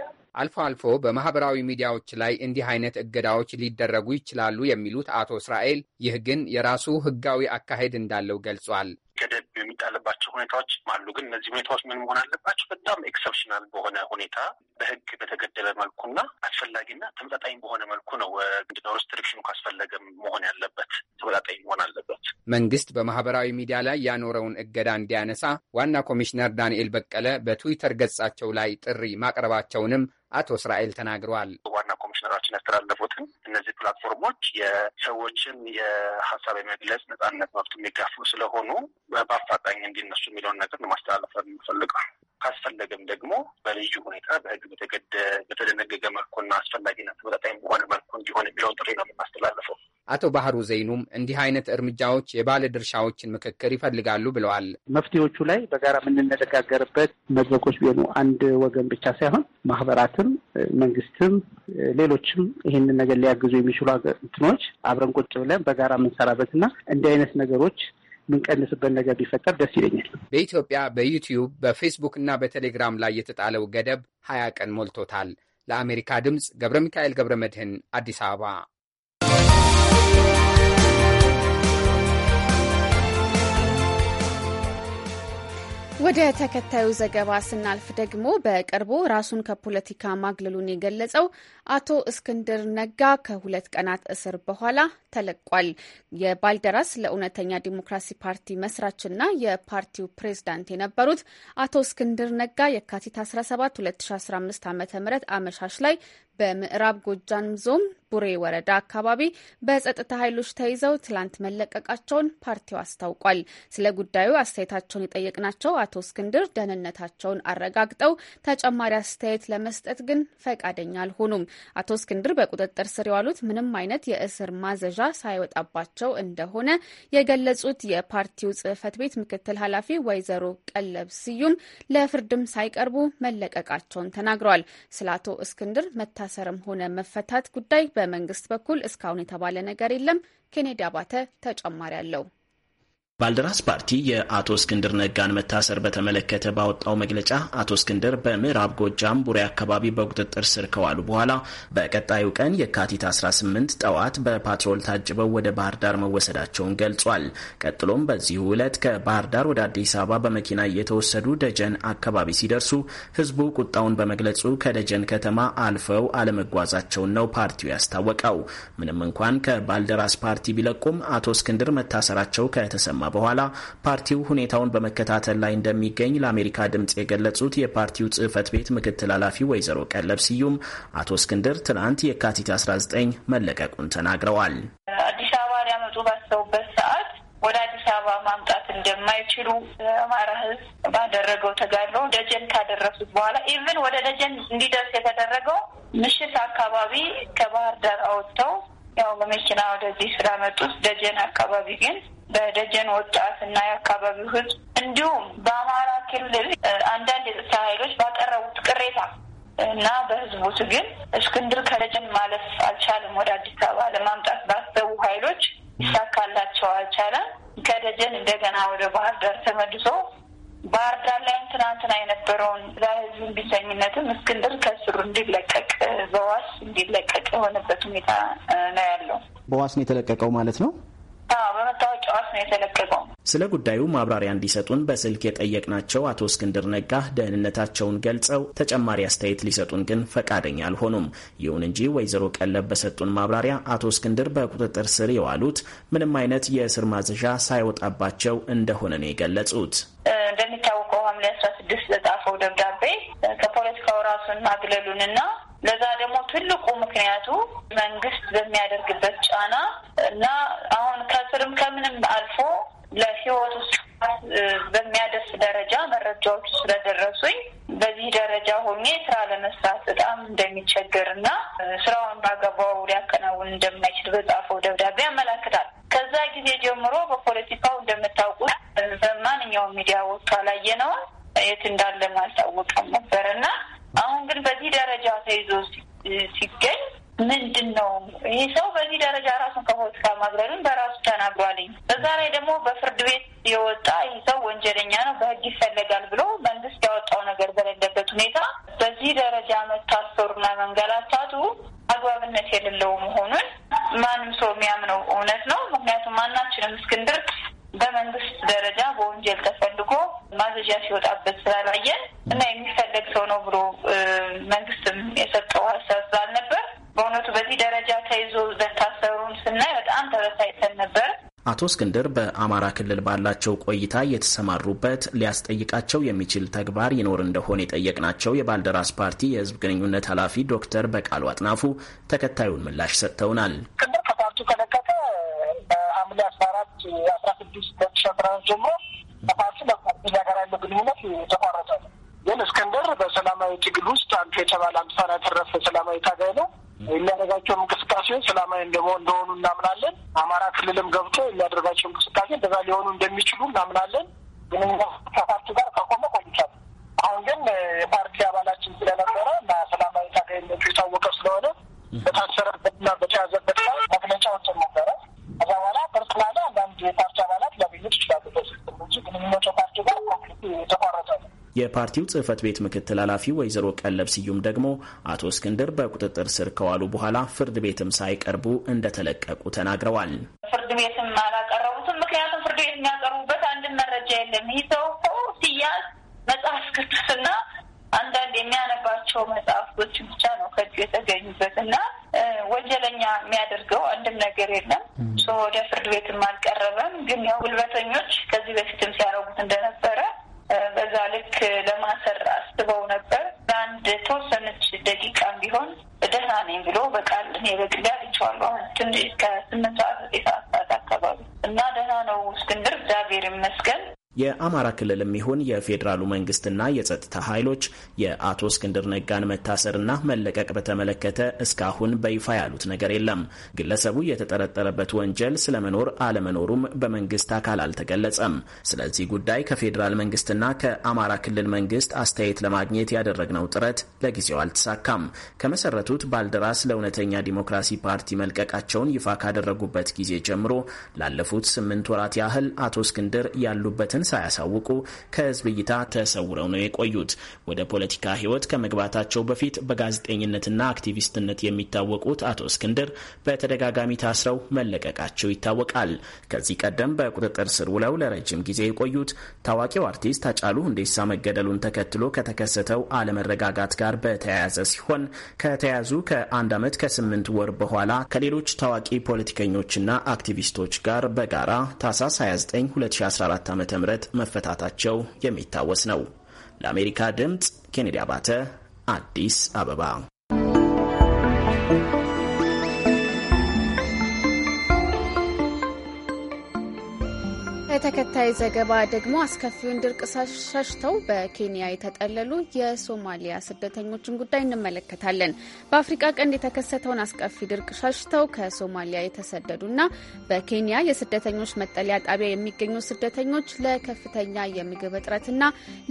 አልፎ አልፎ በማህበራዊ ሚዲያዎች ላይ እንዲህ አይነት እገዳዎች ሊደረጉ ይችላሉ የሚሉት አቶ እስራኤል፣ ይህ ግን የራሱ ህጋዊ አካሄድ እንዳለው ገልጿል። ገደብ የሚጣልባቸው ሁኔታዎች አሉ። ግን እነዚህ ሁኔታዎች ምን መሆን አለባቸው? በጣም ኤክሰፕሽናል በሆነ ሁኔታ በህግ በተገደበ መልኩና አስፈላጊና ተመጣጣኝ በሆነ መልኩ ነው ምንድነው ሪስትሪክሽኑ ካስፈለገም መሆን ያለበት ተመጣጣኝ መሆን አለበት። መንግስት በማህበራዊ ሚዲያ ላይ ያኖረውን እገዳ እንዲያነሳ ዋና ኮሚሽነር ዳንኤል በቀለ በትዊተር ገጻቸው ላይ ጥሪ ማቅረባቸውንም አቶ እስራኤል ተናግረዋል። ዋና ኮሚሽነራችን ያስተላለፉትን እነዚህ ፕላትፎርሞች የሰዎችን የሀሳብ የመግለጽ ነጻነት መብት የሚጋፉ ስለሆኑ በአፋጣኝ እንዲነሱ የሚለውን ነገር ማስተላለፍ እንፈልጋል። ካስፈለገም ደግሞ በልዩ ሁኔታ በህግ በተደነገገ መልኩና አስፈላጊና ተመጣጣኝ በሆነ መልኩ እንዲሆን የሚለውን ጥሪ ነው የምናስተላልፈው። አቶ ባህሩ ዘይኑም እንዲህ አይነት እርምጃዎች የባለ ድርሻዎችን ምክክር ይፈልጋሉ ብለዋል። መፍትሄዎቹ ላይ በጋራ የምንነጋገርበት መድረኮች ቢሆኑ አንድ ወገን ብቻ ሳይሆን ማህበራትም፣ መንግስትም፣ ሌሎችም ይህንን ነገር ሊያግዙ የሚችሉ እንትኖች አብረን ቁጭ ብለን በጋራ የምንሰራበት እና እንዲህ አይነት ነገሮች የምንቀንስበት ነገር ቢፈጠር ደስ ይለኛል። በኢትዮጵያ በዩቲዩብ በፌስቡክ እና በቴሌግራም ላይ የተጣለው ገደብ ሀያ ቀን ሞልቶታል። ለአሜሪካ ድምፅ ገብረ ሚካኤል ገብረ መድህን አዲስ አበባ ወደ ተከታዩ ዘገባ ስናልፍ ደግሞ በቅርቡ ራሱን ከፖለቲካ ማግለሉን የገለጸው አቶ እስክንድር ነጋ ከሁለት ቀናት እስር በኋላ ተለቋል። የባልደራስ ለእውነተኛ ዲሞክራሲ ፓርቲ መስራችና የፓርቲው ፕሬዝዳንት የነበሩት አቶ እስክንድር ነጋ የካቲት 17 2015 ዓ ም አመሻሽ ላይ በምዕራብ ጎጃም ዞን ቡሬ ወረዳ አካባቢ በጸጥታ ኃይሎች ተይዘው ትላንት መለቀቃቸውን ፓርቲው አስታውቋል። ስለ ጉዳዩ አስተያየታቸውን የጠየቅናቸው አቶ እስክንድር ደህንነታቸውን አረጋግጠው ተጨማሪ አስተያየት ለመስጠት ግን ፈቃደኛ አልሆኑም። አቶ እስክንድር በቁጥጥር ስር የዋሉት ምንም አይነት የእስር ማዘዣ ሳይወጣባቸው እንደሆነ የገለጹት የፓርቲው ጽህፈት ቤት ምክትል ኃላፊ ወይዘሮ ቀለብ ስዩም ለፍርድም ሳይቀርቡ መለቀቃቸውን ተናግረዋል። ስለ አቶ እስክንድር መታ መታሰርም ሆነ መፈታት ጉዳይ በመንግስት በኩል እስካሁን የተባለ ነገር የለም። ኬኔዲ አባተ ተጨማሪ አለው። ባልደራስ ፓርቲ የአቶ እስክንድር ነጋን መታሰር በተመለከተ ባወጣው መግለጫ አቶ እስክንድር በምዕራብ ጎጃም ቡሬ አካባቢ በቁጥጥር ስር ከዋሉ በኋላ በቀጣዩ ቀን የካቲት 18 ጠዋት በፓትሮል ታጅበው ወደ ባህር ዳር መወሰዳቸውን ገልጿል። ቀጥሎም በዚሁ ዕለት ከባህር ዳር ወደ አዲስ አበባ በመኪና እየተወሰዱ ደጀን አካባቢ ሲደርሱ ህዝቡ ቁጣውን በመግለጹ ከደጀን ከተማ አልፈው አለመጓዛቸውን ነው ፓርቲው ያስታወቀው። ምንም እንኳን ከባልደራስ ፓርቲ ቢለቁም አቶ እስክንድር መታሰራቸው ከተሰማ በኋላ ፓርቲው ሁኔታውን በመከታተል ላይ እንደሚገኝ ለአሜሪካ ድምጽ የገለጹት የፓርቲው ጽህፈት ቤት ምክትል ኃላፊ ወይዘሮ ቀለብ ስዩም አቶ እስክንድር ትናንት የካቲት 19 መለቀቁን ተናግረዋል። አዲስ አበባ ሊያመጡ ባሰቡበት ሰዓት ወደ አዲስ አበባ ማምጣት እንደማይችሉ አማራ ህዝብ ባደረገው ተጋድሎ ደጀን ካደረሱት በኋላ ኢቭን ወደ ደጀን እንዲደርስ የተደረገው ምሽት አካባቢ ከባህር ዳር አወጥተው ያው በመኪና ወደዚህ ስላመጡት ደጀን አካባቢ ግን በደጀን ወጣት እና የአካባቢው ህዝብ እንዲሁም በአማራ ክልል አንዳንድ የጸጥታ ኃይሎች ባቀረቡት ቅሬታ እና በህዝቡት ግን እስክንድር ከደጀን ማለፍ አልቻለም። ወደ አዲስ አበባ ለማምጣት ባሰቡ ኃይሎች ይሳካላቸው አልቻለም። ከደጀን እንደገና ወደ ባህር ዳር ተመልሶ ባህር ዳር ላይም ትናንትና የነበረውን ለህዝብ ቢሰኝነትም እስክንድር ከስሩ እንዲለቀቅ በዋስ እንዲለቀቅ የሆነበት ሁኔታ ነው ያለው። በዋስ ነው የተለቀቀው ማለት ነው። በመታወቂያ ነው የተለቀቀው። ስለ ጉዳዩ ማብራሪያ እንዲሰጡን በስልክ የጠየቅናቸው አቶ እስክንድር ነጋ ደህንነታቸውን ገልጸው ተጨማሪ አስተያየት ሊሰጡን ግን ፈቃደኛ አልሆኑም። ይሁን እንጂ ወይዘሮ ቀለብ በሰጡን ማብራሪያ አቶ እስክንድር በቁጥጥር ስር የዋሉት ምንም አይነት የእስር ማዘዣ ሳይወጣባቸው እንደሆነ ነው የገለጹት። ሁለት አስራ ስድስት ተጻፈው ደብዳቤ ከፖለቲካው ራሱን ማግለሉንና ለዛ ደግሞ ትልቁ ምክንያቱ መንግስት በሚያደርግበት ጫና እና አሁን ከስርም ከምንም አልፎ ለህይወቱ በሚያደርስ ደረጃ መረጃዎች ስለደረሱኝ በዚህ ደረጃ ሆኜ ስራ ለመስራት በጣም እንደሚቸገር እና ስራውን ባገባው ሊያከናውን እንደማይችል በጻፈው ደብዳቤ ያመላክታል። ከዛ ጊዜ ጀምሮ በፖለቲካው እንደምታውቁት በማንኛውም ሚዲያ ወጥቶ አላየነውም፣ የት እንዳለም አልታወቀም ነበር እና አሁን ግን በዚህ ደረጃ ተይዞ ሲገኝ ምንድን ነው ይህ ሰው በዚህ ደረጃ ራሱን ከፖለቲካ ማግለሉን በራሱ ተናግሯልኝ። በዛ ላይ ደግሞ በፍርድ ቤት የወጣ ይህ ሰው ወንጀለኛ ነው፣ በህግ ይፈለጋል ብሎ መንግስት ያወጣው ነገር በሌለበት ሁኔታ በዚህ ደረጃ መታሰሩና መንገላታቱ አግባብነት የሌለው መሆኑን ማንም ሰው የሚያምነው እውነት ነው። ምክንያቱም ማናችንም እስክንድር በመንግስት ደረጃ በወንጀል ተፈልጎ ማዘዣ ሲወጣበት ስላላየን እና የሚፈለግ ሰው ነው ብሎ መንግስትም የሰጠው ሀሳብ ደረጃ ተይዞ በታሰሩን ስናይ በጣም ተበሳይተን ነበር። አቶ እስክንድር በአማራ ክልል ባላቸው ቆይታ የተሰማሩበት ሊያስጠይቃቸው የሚችል ተግባር ይኖር እንደሆነ የጠየቅናቸው የባልደራስ ፓርቲ የሕዝብ ግንኙነት ኃላፊ ዶክተር በቃሉ አጥናፉ ተከታዩን ምላሽ ሰጥተውናል። እስክንድር ከፓርቲው ከለቀቀ በሐምሌ አስራ አራት አስራ ስድስት ሁለት ሺህ አስራ አራት ጀምሮ ከፓርቲው ለፓርቲ ጋር ያለው ግንኙነት የተቋረጠ ነው። ግን እስክንድር በሰላማዊ ትግል ውስጥ አንቱ የተባለ አምሳና ፋና የተረፈ ሰላማዊ ታጋይ ነው። የሚያደርጋቸው እንቅስቃሴዎች ሰላማዊ እንደሆኑ እናምናለን። አማራ ክልልም ገብቶ የሚያደርጋቸው እንቅስቃሴ እንደዛ ሊሆኑ እንደሚችሉ እናምናለን። ግን ከፓርቲ ጋር ከቆመ ቆይቻል። አሁን ግን የፓርቲ አባላችን ስለነበረ እና ሰላማዊ ታጋይነቱ የታወቀ ስለሆነ በታሰረበትና በተያዘበት ላይ መግለጫ ወጥቶ ነበረ። ከዛ በኋላ ፐርሰናል አንዳንድ የፓርቲ አባላት ሊያገኙት ይችላሉ። በዚህ እንጂ ግንኙነቱ ፓርቲ ጋር ኮንፍሊክት የተቋረጠ ነው። የፓርቲው ጽህፈት ቤት ምክትል ኃላፊ ወይዘሮ ቀለብ ስዩም ደግሞ አቶ እስክንድር በቁጥጥር ስር ከዋሉ በኋላ ፍርድ ቤትም ሳይቀርቡ እንደተለቀቁ ተናግረዋል። ፍርድ ቤትም አላቀረቡትም። ምክንያቱም ፍርድ ቤት የሚያቀርቡበት አንድም መረጃ የለም። ይህ ሰው እኮ ሲያዝ መጽሐፍ ቅዱስና አንዳንድ የሚያነባቸው መጽሐፍቶች ብቻ ነው ከእጁ የተገኙበት እና ወንጀለኛ የሚያደርገው አንድም ነገር የለም። ወደ ፍርድ ቤትም አልቀረበም። ግን ያው ጉልበተኞች ከዚህ በፊትም ሲያረጉት እንደነበረ በዛ ልክ ለማሰር አስበው ነበር። ለአንድ ተወሰነች ደቂቃም ቢሆን ደህና ነኝ ብሎ በቃል እኔ በግሌ አግኝቼዋለሁ። ትንሽ ከስምንት ሰዓት ዘጠኝ ሰዓት አካባቢ እና ደህና ነው እስክንድር እግዚአብሔር ይመስገን የአማራ ክልልም ይሁን የፌዴራሉ መንግስትና የጸጥታ ኃይሎች የአቶ እስክንድር ነጋን መታሰርና መለቀቅ በተመለከተ እስካሁን በይፋ ያሉት ነገር የለም። ግለሰቡ የተጠረጠረበት ወንጀል ስለመኖር አለመኖሩም በመንግስት አካል አልተገለጸም። ስለዚህ ጉዳይ ከፌዴራል መንግስትና ከአማራ ክልል መንግስት አስተያየት ለማግኘት ያደረግነው ጥረት ለጊዜው አልተሳካም። ከመሰረቱት ባልደራስ ለእውነተኛ ዲሞክራሲ ፓርቲ መልቀቃቸውን ይፋ ካደረጉበት ጊዜ ጀምሮ ላለፉት ስምንት ወራት ያህል አቶ እስክንድር ያሉበትን መሆናቸውን ሳያሳውቁ ከህዝብ እይታ ተሰውረው ነው የቆዩት። ወደ ፖለቲካ ህይወት ከመግባታቸው በፊት በጋዜጠኝነትና አክቲቪስትነት የሚታወቁት አቶ እስክንድር በተደጋጋሚ ታስረው መለቀቃቸው ይታወቃል። ከዚህ ቀደም በቁጥጥር ስር ውለው ለረጅም ጊዜ የቆዩት ታዋቂው አርቲስት አጫሉ ሁንዴሳ መገደሉን ተከትሎ ከተከሰተው አለመረጋጋት ጋር በተያያዘ ሲሆን ከተያዙ ከአንድ ዓመት ከስምንት ወር በኋላ ከሌሎች ታዋቂ ፖለቲከኞችና አክቲቪስቶች ጋር በጋራ ታህሳስ 29 2014 ዓ ም መፈታታቸው የሚታወስ ነው። ለአሜሪካ ድምፅ ኬኔዲ አባተ አዲስ አበባ ተከታይ ዘገባ ደግሞ አስከፊውን ድርቅ ሸሽተው በኬንያ የተጠለሉ የሶማሊያ ስደተኞችን ጉዳይ እንመለከታለን። በአፍሪካ ቀንድ የተከሰተውን አስከፊ ድርቅ ሸሽተው ከሶማሊያ የተሰደዱና በኬንያ የስደተኞች መጠለያ ጣቢያ የሚገኙ ስደተኞች ለከፍተኛ የምግብ እጥረትና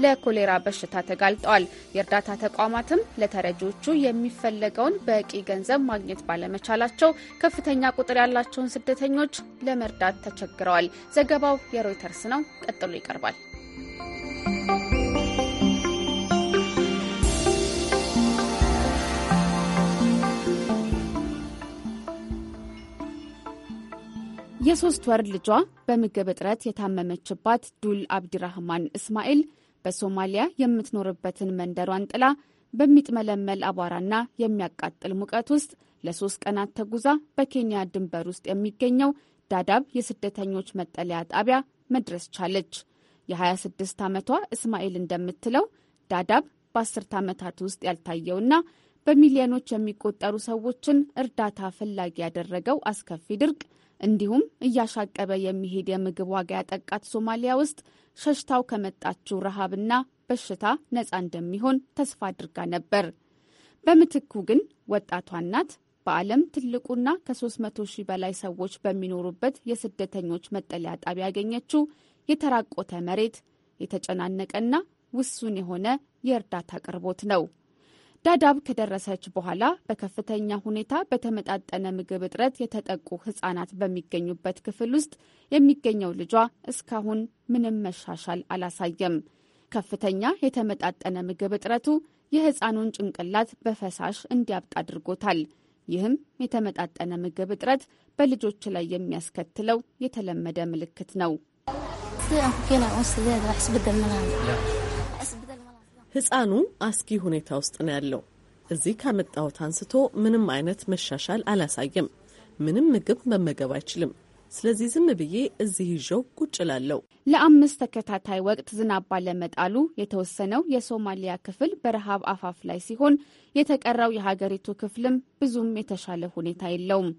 ለኮሌራ በሽታ ተጋልጠዋል። የእርዳታ ተቋማትም ለተረጂዎቹ የሚፈለገውን በቂ ገንዘብ ማግኘት ባለመቻላቸው ከፍተኛ ቁጥር ያላቸውን ስደተኞች ለመርዳት ተቸግረዋል። ዘገባው የሮይተርስ ነው። ቀጥሎ ይቀርባል። የሶስት ወር ልጇ በምግብ እጥረት የታመመችባት ዱል አብዲራህማን እስማኤል በሶማሊያ የምትኖርበትን መንደሯን ጥላ በሚጥመለመል አቧራና የሚያቃጥል ሙቀት ውስጥ ለሶስት ቀናት ተጉዛ በኬንያ ድንበር ውስጥ የሚገኘው ዳዳብ የስደተኞች መጠለያ ጣቢያ መድረስ ቻለች። የ26 ዓመቷ እስማኤል እንደምትለው ዳዳብ በአስርት ዓመታት ውስጥ ያልታየውና በሚሊዮኖች የሚቆጠሩ ሰዎችን እርዳታ ፈላጊ ያደረገው አስከፊ ድርቅ እንዲሁም እያሻቀበ የሚሄድ የምግብ ዋጋ ያጠቃት ሶማሊያ ውስጥ ሸሽታው ከመጣችው ረሃብና በሽታ ነፃ እንደሚሆን ተስፋ አድርጋ ነበር። በምትኩ ግን ወጣቷ እናት በዓለም ትልቁና ከ300 ሺህ በላይ ሰዎች በሚኖሩበት የስደተኞች መጠለያ ጣቢያ ያገኘችው የተራቆተ መሬት፣ የተጨናነቀና ውሱን የሆነ የእርዳታ አቅርቦት ነው። ዳዳብ ከደረሰች በኋላ በከፍተኛ ሁኔታ በተመጣጠነ ምግብ እጥረት የተጠቁ ሕጻናት በሚገኙበት ክፍል ውስጥ የሚገኘው ልጇ እስካሁን ምንም መሻሻል አላሳየም። ከፍተኛ የተመጣጠነ ምግብ እጥረቱ የሕፃኑን ጭንቅላት በፈሳሽ እንዲያብጥ አድርጎታል። ይህም የተመጣጠነ ምግብ እጥረት በልጆች ላይ የሚያስከትለው የተለመደ ምልክት ነው። ህፃኑ አስጊ ሁኔታ ውስጥ ነው ያለው። እዚህ ካመጣሁት አንስቶ ምንም አይነት መሻሻል አላሳየም። ምንም ምግብ መመገብ አይችልም። ስለዚህ ዝም ብዬ እዚህ ይዤው ቁጭ ላለው። ለአምስት ተከታታይ ወቅት ዝናብ ባለመጣሉ የተወሰነው የሶማሊያ ክፍል በረሃብ አፋፍ ላይ ሲሆን የተቀረው የሀገሪቱ ክፍልም ብዙም የተሻለ ሁኔታ የለውም።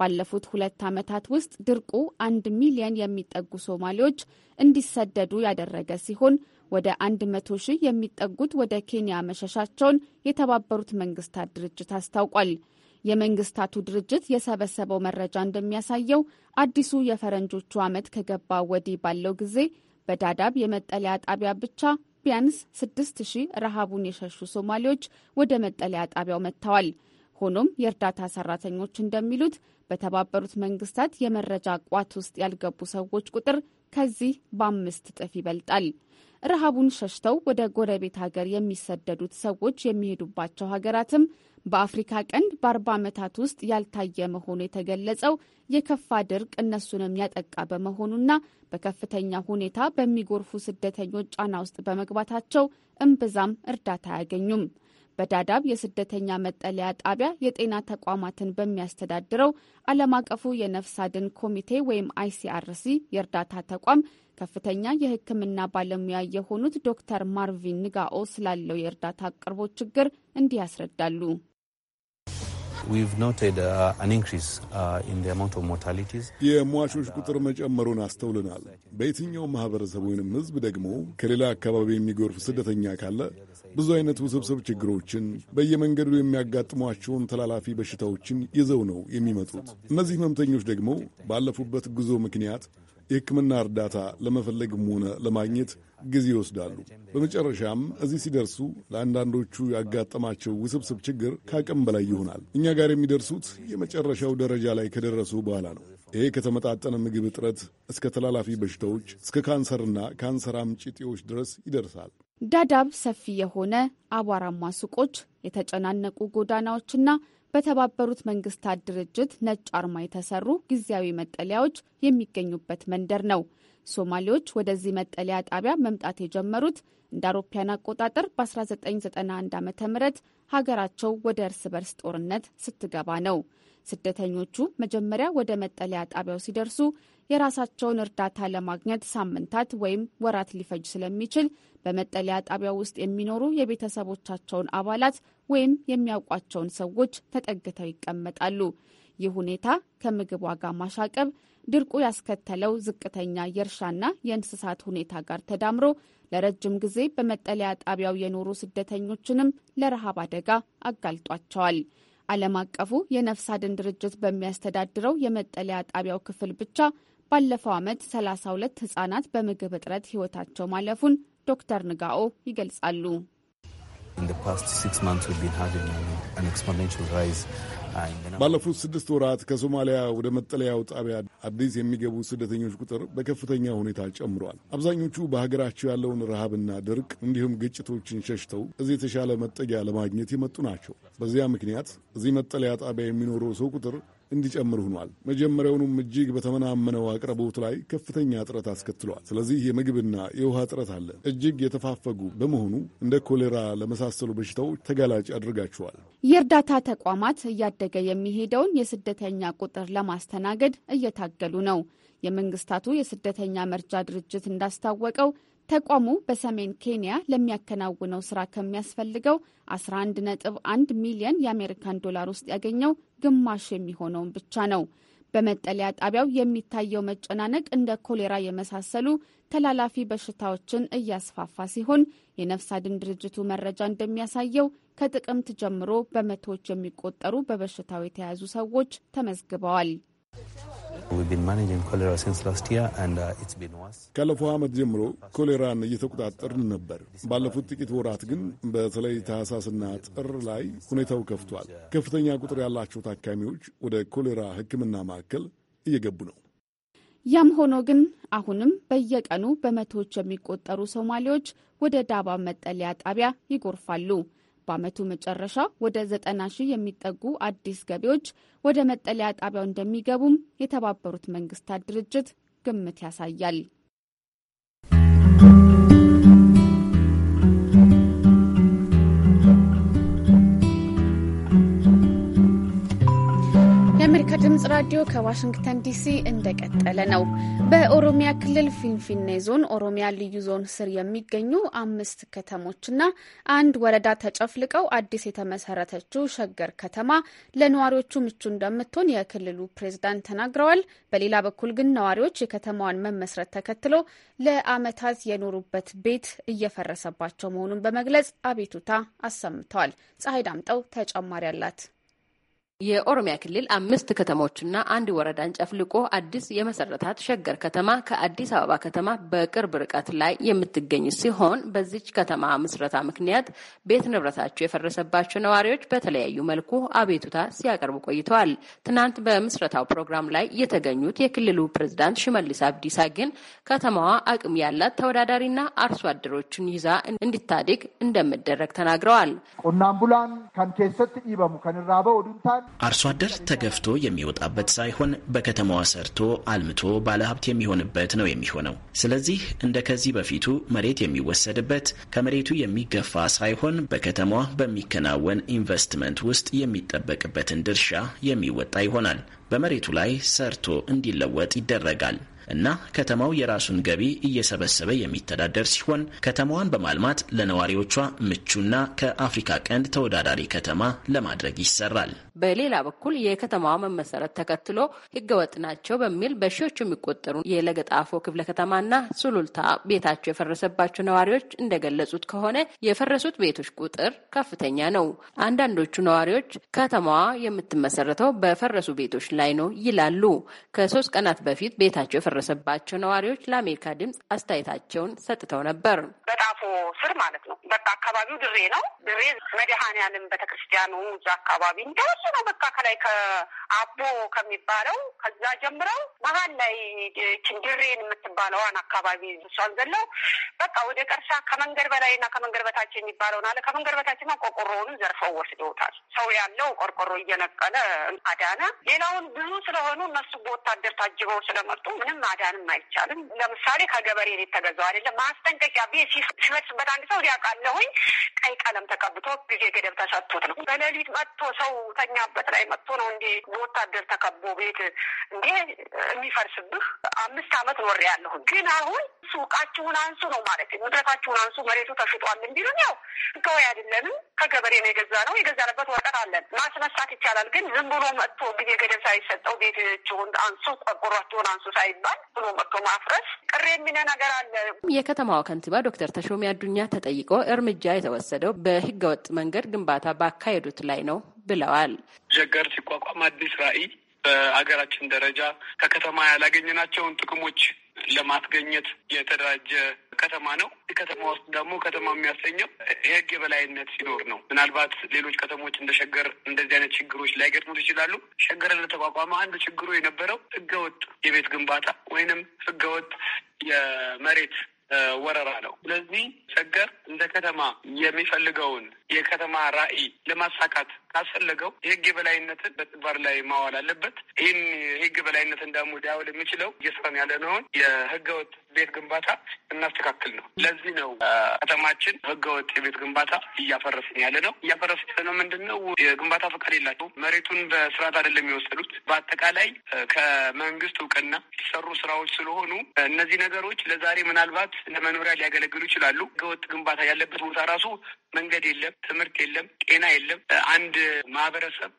ባለፉት ሁለት ዓመታት ውስጥ ድርቁ አንድ ሚሊየን የሚጠጉ ሶማሌዎች እንዲሰደዱ ያደረገ ሲሆን ወደ አንድ መቶ ሺህ የሚጠጉት ወደ ኬንያ መሸሻቸውን የተባበሩት መንግስታት ድርጅት አስታውቋል። የመንግስታቱ ድርጅት የሰበሰበው መረጃ እንደሚያሳየው አዲሱ የፈረንጆቹ ዓመት ከገባ ወዲህ ባለው ጊዜ በዳዳብ የመጠለያ ጣቢያ ብቻ ቢያንስ ስድስት ሺህ ረሃቡን የሸሹ ሶማሌዎች ወደ መጠለያ ጣቢያው መጥተዋል። ሆኖም የእርዳታ ሰራተኞች እንደሚሉት በተባበሩት መንግስታት የመረጃ ቋት ውስጥ ያልገቡ ሰዎች ቁጥር ከዚህ በአምስት እጥፍ ይበልጣል። ረሃቡን ሸሽተው ወደ ጎረቤት ሀገር የሚሰደዱት ሰዎች የሚሄዱባቸው ሀገራትም በአፍሪካ ቀንድ በ40 ዓመታት ውስጥ ያልታየ መሆኑ የተገለጸው የከፋ ድርቅ እነሱን የሚያጠቃ በመሆኑና በከፍተኛ ሁኔታ በሚጎርፉ ስደተኞች ጫና ውስጥ በመግባታቸው እምብዛም እርዳታ አያገኙም። በዳዳብ የስደተኛ መጠለያ ጣቢያ የጤና ተቋማትን በሚያስተዳድረው ዓለም አቀፉ የነፍስ አድን ኮሚቴ ወይም አይሲአርሲ የእርዳታ ተቋም ከፍተኛ የሕክምና ባለሙያ የሆኑት ዶክተር ማርቪን ንጋኦ ስላለው የእርዳታ አቅርቦት ችግር እንዲህ ያስረዳሉ። Uh, uh, የሟቾች ቁጥር መጨመሩን አስተውልናል። በየትኛው ማህበረሰብ ወይንም ህዝብ ደግሞ ከሌላ አካባቢ የሚጎርፍ ስደተኛ ካለ ብዙ አይነት ውስብስብ ችግሮችን በየመንገዱ የሚያጋጥሟቸውን ተላላፊ በሽታዎችን ይዘው ነው የሚመጡት። እነዚህ ህመምተኞች ደግሞ ባለፉበት ጉዞ ምክንያት የሕክምና እርዳታ ለመፈለግም ሆነ ለማግኘት ጊዜ ይወስዳሉ። በመጨረሻም እዚህ ሲደርሱ ለአንዳንዶቹ ያጋጠማቸው ውስብስብ ችግር ከአቅም በላይ ይሆናል። እኛ ጋር የሚደርሱት የመጨረሻው ደረጃ ላይ ከደረሱ በኋላ ነው። ይሄ ከተመጣጠነ ምግብ እጥረት እስከ ተላላፊ በሽታዎች እስከ ካንሰርና ካንሰር አምጪ እጢዎች ድረስ ይደርሳል። ዳዳብ ሰፊ የሆነ አቧራማ ሱቆች፣ የተጨናነቁ ጎዳናዎችና በተባበሩት መንግስታት ድርጅት ነጭ አርማ የተሰሩ ጊዜያዊ መጠለያዎች የሚገኙበት መንደር ነው። ሶማሌዎች ወደዚህ መጠለያ ጣቢያ መምጣት የጀመሩት እንደ አውሮፓያን አቆጣጠር በ1991 ዓ ም ሀገራቸው ወደ እርስ በርስ ጦርነት ስትገባ ነው። ስደተኞቹ መጀመሪያ ወደ መጠለያ ጣቢያው ሲደርሱ የራሳቸውን እርዳታ ለማግኘት ሳምንታት ወይም ወራት ሊፈጅ ስለሚችል በመጠለያ ጣቢያ ውስጥ የሚኖሩ የቤተሰቦቻቸውን አባላት ወይም የሚያውቋቸውን ሰዎች ተጠግተው ይቀመጣሉ። ይህ ሁኔታ ከምግብ ዋጋ ማሻቀብ፣ ድርቁ ያስከተለው ዝቅተኛ የእርሻና የእንስሳት ሁኔታ ጋር ተዳምሮ ለረጅም ጊዜ በመጠለያ ጣቢያው የኖሩ ስደተኞችንም ለረሃብ አደጋ አጋልጧቸዋል። ዓለም አቀፉ የነፍስ አድን ድርጅት በሚያስተዳድረው የመጠለያ ጣቢያው ክፍል ብቻ ባለፈው ዓመት 32 ህጻናት በምግብ እጥረት ህይወታቸው ማለፉን ዶክተር ንጋኦ ይገልጻሉ። uh, ባለፉት ስድስት ወራት ከሶማሊያ ወደ መጠለያው ጣቢያ አዲስ የሚገቡ ስደተኞች ቁጥር በከፍተኛ ሁኔታ ጨምሯል። አብዛኞቹ በሀገራቸው ያለውን ረሃብና ድርቅ እንዲሁም ግጭቶችን ሸሽተው እዚህ የተሻለ መጠጊያ ለማግኘት የመጡ ናቸው። በዚያ ምክንያት እዚህ መጠለያ ጣቢያ የሚኖረው ሰው ቁጥር እንዲጨምር ሆኗል። መጀመሪያውኑም እጅግ በተመናመነው አቅርቦት ላይ ከፍተኛ እጥረት አስከትሏል። ስለዚህ የምግብና የውሃ እጥረት አለ። እጅግ የተፋፈጉ በመሆኑ እንደ ኮሌራ ለመሳሰሉ በሽታዎች ተጋላጭ አድርጋቸዋል። የእርዳታ ተቋማት እያደገ የሚሄደውን የስደተኛ ቁጥር ለማስተናገድ እየታገሉ ነው። የመንግስታቱ የስደተኛ መርጃ ድርጅት እንዳስታወቀው ተቋሙ በሰሜን ኬንያ ለሚያከናውነው ስራ ከሚያስፈልገው 11.1 ሚሊዮን የአሜሪካን ዶላር ውስጥ ያገኘው ግማሽ የሚሆነውን ብቻ ነው። በመጠለያ ጣቢያው የሚታየው መጨናነቅ እንደ ኮሌራ የመሳሰሉ ተላላፊ በሽታዎችን እያስፋፋ ሲሆን የነፍስ አድን ድርጅቱ መረጃ እንደሚያሳየው ከጥቅምት ጀምሮ በመቶዎች የሚቆጠሩ በበሽታው የተያዙ ሰዎች ተመዝግበዋል። Uh, ካለፈው ዓመት ጀምሮ ኮሌራን እየተቆጣጠርን ነበር። ባለፉት ጥቂት ወራት ግን በተለይ ታህሳስና ጥር ላይ ሁኔታው ከፍቷል። ከፍተኛ ቁጥር ያላቸው ታካሚዎች ወደ ኮሌራ ሕክምና ማዕከል እየገቡ ነው። ያም ሆኖ ግን አሁንም በየቀኑ በመቶዎች የሚቆጠሩ ሶማሌዎች ወደ ዳባ መጠለያ ጣቢያ ይጎርፋሉ። በዓመቱ መጨረሻ ወደ ዘጠና ሺህ የሚጠጉ አዲስ ገቢዎች ወደ መጠለያ ጣቢያው እንደሚገቡም የተባበሩት መንግስታት ድርጅት ግምት ያሳያል። ድምጽ ራዲዮ ከዋሽንግተን ዲሲ እንደቀጠለ ነው። በኦሮሚያ ክልል ፊንፊኔ ዞን ኦሮሚያ ልዩ ዞን ስር የሚገኙ አምስት ከተሞችና አንድ ወረዳ ተጨፍልቀው አዲስ የተመሰረተችው ሸገር ከተማ ለነዋሪዎቹ ምቹ እንደምትሆን የክልሉ ፕሬዝዳንት ተናግረዋል። በሌላ በኩል ግን ነዋሪዎች የከተማዋን መመስረት ተከትሎ ለአመታት የኖሩበት ቤት እየፈረሰባቸው መሆኑን በመግለጽ አቤቱታ አሰምተዋል። ፀሐይ ዳምጠው ተጨማሪ አላት። የኦሮሚያ ክልል አምስት ከተሞችና አንድ ወረዳን ጨፍልቆ አዲስ የመሰረታት ሸገር ከተማ ከአዲስ አበባ ከተማ በቅርብ ርቀት ላይ የምትገኝ ሲሆን በዚች ከተማ ምስረታ ምክንያት ቤት ንብረታቸው የፈረሰባቸው ነዋሪዎች በተለያዩ መልኩ አቤቱታ ሲያቀርቡ ቆይተዋል። ትናንት በምስረታው ፕሮግራም ላይ የተገኙት የክልሉ ፕሬዝዳንት ሽመልስ አብዲሳ ግን ከተማዋ አቅም ያላት ተወዳዳሪና አርሶ አደሮችን ይዛ እንድታድግ እንደምደረግ ተናግረዋል። ቁናምቡላን ከንኬሰት ኢበሙ ከንራበ ኦዱንታን አርሶ አደር ተገፍቶ የሚወጣበት ሳይሆን በከተማዋ ሰርቶ አልምቶ ባለሀብት የሚሆንበት ነው የሚሆነው። ስለዚህ እንደ ከዚህ በፊቱ መሬት የሚወሰድበት ከመሬቱ የሚገፋ ሳይሆን በከተማዋ በሚከናወን ኢንቨስትመንት ውስጥ የሚጠበቅበትን ድርሻ የሚወጣ ይሆናል። በመሬቱ ላይ ሰርቶ እንዲለወጥ ይደረጋል። እና ከተማው የራሱን ገቢ እየሰበሰበ የሚተዳደር ሲሆን ከተማዋን በማልማት ለነዋሪዎቿ ምቹና ከአፍሪካ ቀንድ ተወዳዳሪ ከተማ ለማድረግ ይሰራል። በሌላ በኩል የከተማዋ መመሰረት ተከትሎ ህገወጥ ናቸው በሚል በሺዎች የሚቆጠሩ የለገጣፎ ክፍለ ከተማና ሱሉልታ ቤታቸው የፈረሰባቸው ነዋሪዎች እንደገለጹት ከሆነ የፈረሱት ቤቶች ቁጥር ከፍተኛ ነው። አንዳንዶቹ ነዋሪዎች ከተማዋ የምትመሰረተው በፈረሱ ቤቶች ላይ ነው ይላሉ። ከሶስት ቀናት በፊት ቤታቸው የደረሰባቸው ነዋሪዎች ለአሜሪካ ድምፅ አስተያየታቸውን ሰጥተው ነበር። በጣፎ ስር ማለት ነው። በቃ አካባቢው ድሬ ነው። ድሬ መድኃኔዓለም ቤተክርስቲያኑ እዛ አካባቢ እንደሱ ነው። በቃ ከላይ ከአቦ ከሚባለው ከዛ ጀምረው መሀል ላይ ድሬን የምትባለዋን አካባቢ እሷን ዘለው በቃ ወደ ቀርሳ ከመንገድ በላይና ከመንገድ በታች የሚባለውን አለ ከመንገድ በታችማ ቆርቆሮውን ዘርፈው ወስደውታል። ሰው ያለው ቆርቆሮ እየነቀለ አዳነ። ሌላውን ብዙ ስለሆኑ እነሱ በወታደር ታጅበው ስለመጡ ምንም ማዳንም አይቻልም። ለምሳሌ ከገበሬ ቤት ተገዛው አይደለም ማስጠንቀቂያ ቤት ሲመልስበት አንድ ሰው ሊያውቃለሁኝ ቀይ ቀለም ተቀብቶ ጊዜ ገደብ ተሰጥቶት ነው። በሌሊት መጥቶ ሰው ተኛበት ላይ መጥቶ ነው እንዴ በወታደር ተከቦ ቤት እንዴ የሚፈርስብህ። አምስት አመት ወር ያለሁ ግን አሁን ሱቃችሁን አንሱ ነው ማለት ንብረታችሁን አንሱ መሬቱ ተሽጧል እንዲሉን ያው ህጋዊ አይደለንም ከገበሬ ነው የገዛ ነው የገዛንበት ወረቀት አለን ማስነሳት ይቻላል። ግን ዝም ብሎ መጥቶ ጊዜ ገደብ ሳይሰጠው ቤታችሁን አንሱ ቆርቆሯችሁን አንሱ ሳይባል ብሎ መጥቶ ማፍረስ ቅር የሚነ ነገር አለ። የከተማዋ ከንቲባ ዶክተር ተሾሚ አዱኛ ተጠይቆ እርምጃ የተወሰደው በህገወጥ መንገድ ግንባታ ባካሄዱት ላይ ነው ብለዋል። ጀገር ሲቋቋም አዲስ ራዕይ በአገራችን ደረጃ ከከተማ ያላገኘናቸውን ጥቅሞች ለማስገኘት የተደራጀ ከተማ ነው። ከተማ ውስጥ ደግሞ ከተማ የሚያሰኘው የህግ የበላይነት ሲኖር ነው። ምናልባት ሌሎች ከተሞች እንደ ሸገር እንደዚህ አይነት ችግሮች ላይገጥሙት ይችላሉ። ሸገር ለተቋቋመ አንዱ ችግሩ የነበረው ህገወጥ የቤት ግንባታ ወይንም ህገወጥ የመሬት ወረራ ነው። ስለዚህ ሸገር እንደ ከተማ የሚፈልገውን የከተማ ራዕይ ለማሳካት ካስፈለገው የህግ የበላይነትን በተግባር ላይ ማዋል አለበት። ይህን የህግ የበላይነትን ደግሞ ሊያውል የሚችለው እየሰራን ያለነውን የህገወጥ ቤት ግንባታ እናስተካክል ነው። ለዚህ ነው ከተማችን ህገወጥ የቤት ግንባታ እያፈረስን ያለ ነው። እያፈረስን ነው ምንድን ነው የግንባታ ፈቃድ የላቸው መሬቱን በስርዓት አይደለም የሚወሰዱት። በአጠቃላይ ከመንግስት እውቅና የተሰሩ ስራዎች ስለሆኑ እነዚህ ነገሮች ለዛሬ ምናልባት ለመኖሪያ ሊያገለግሉ ይችላሉ። ህገወጥ ግንባታ ያለበት ቦታ ራሱ መንገድ የለም፣ ትምህርት የለም፣ ጤና የለም። አንድ ማህበረሰብ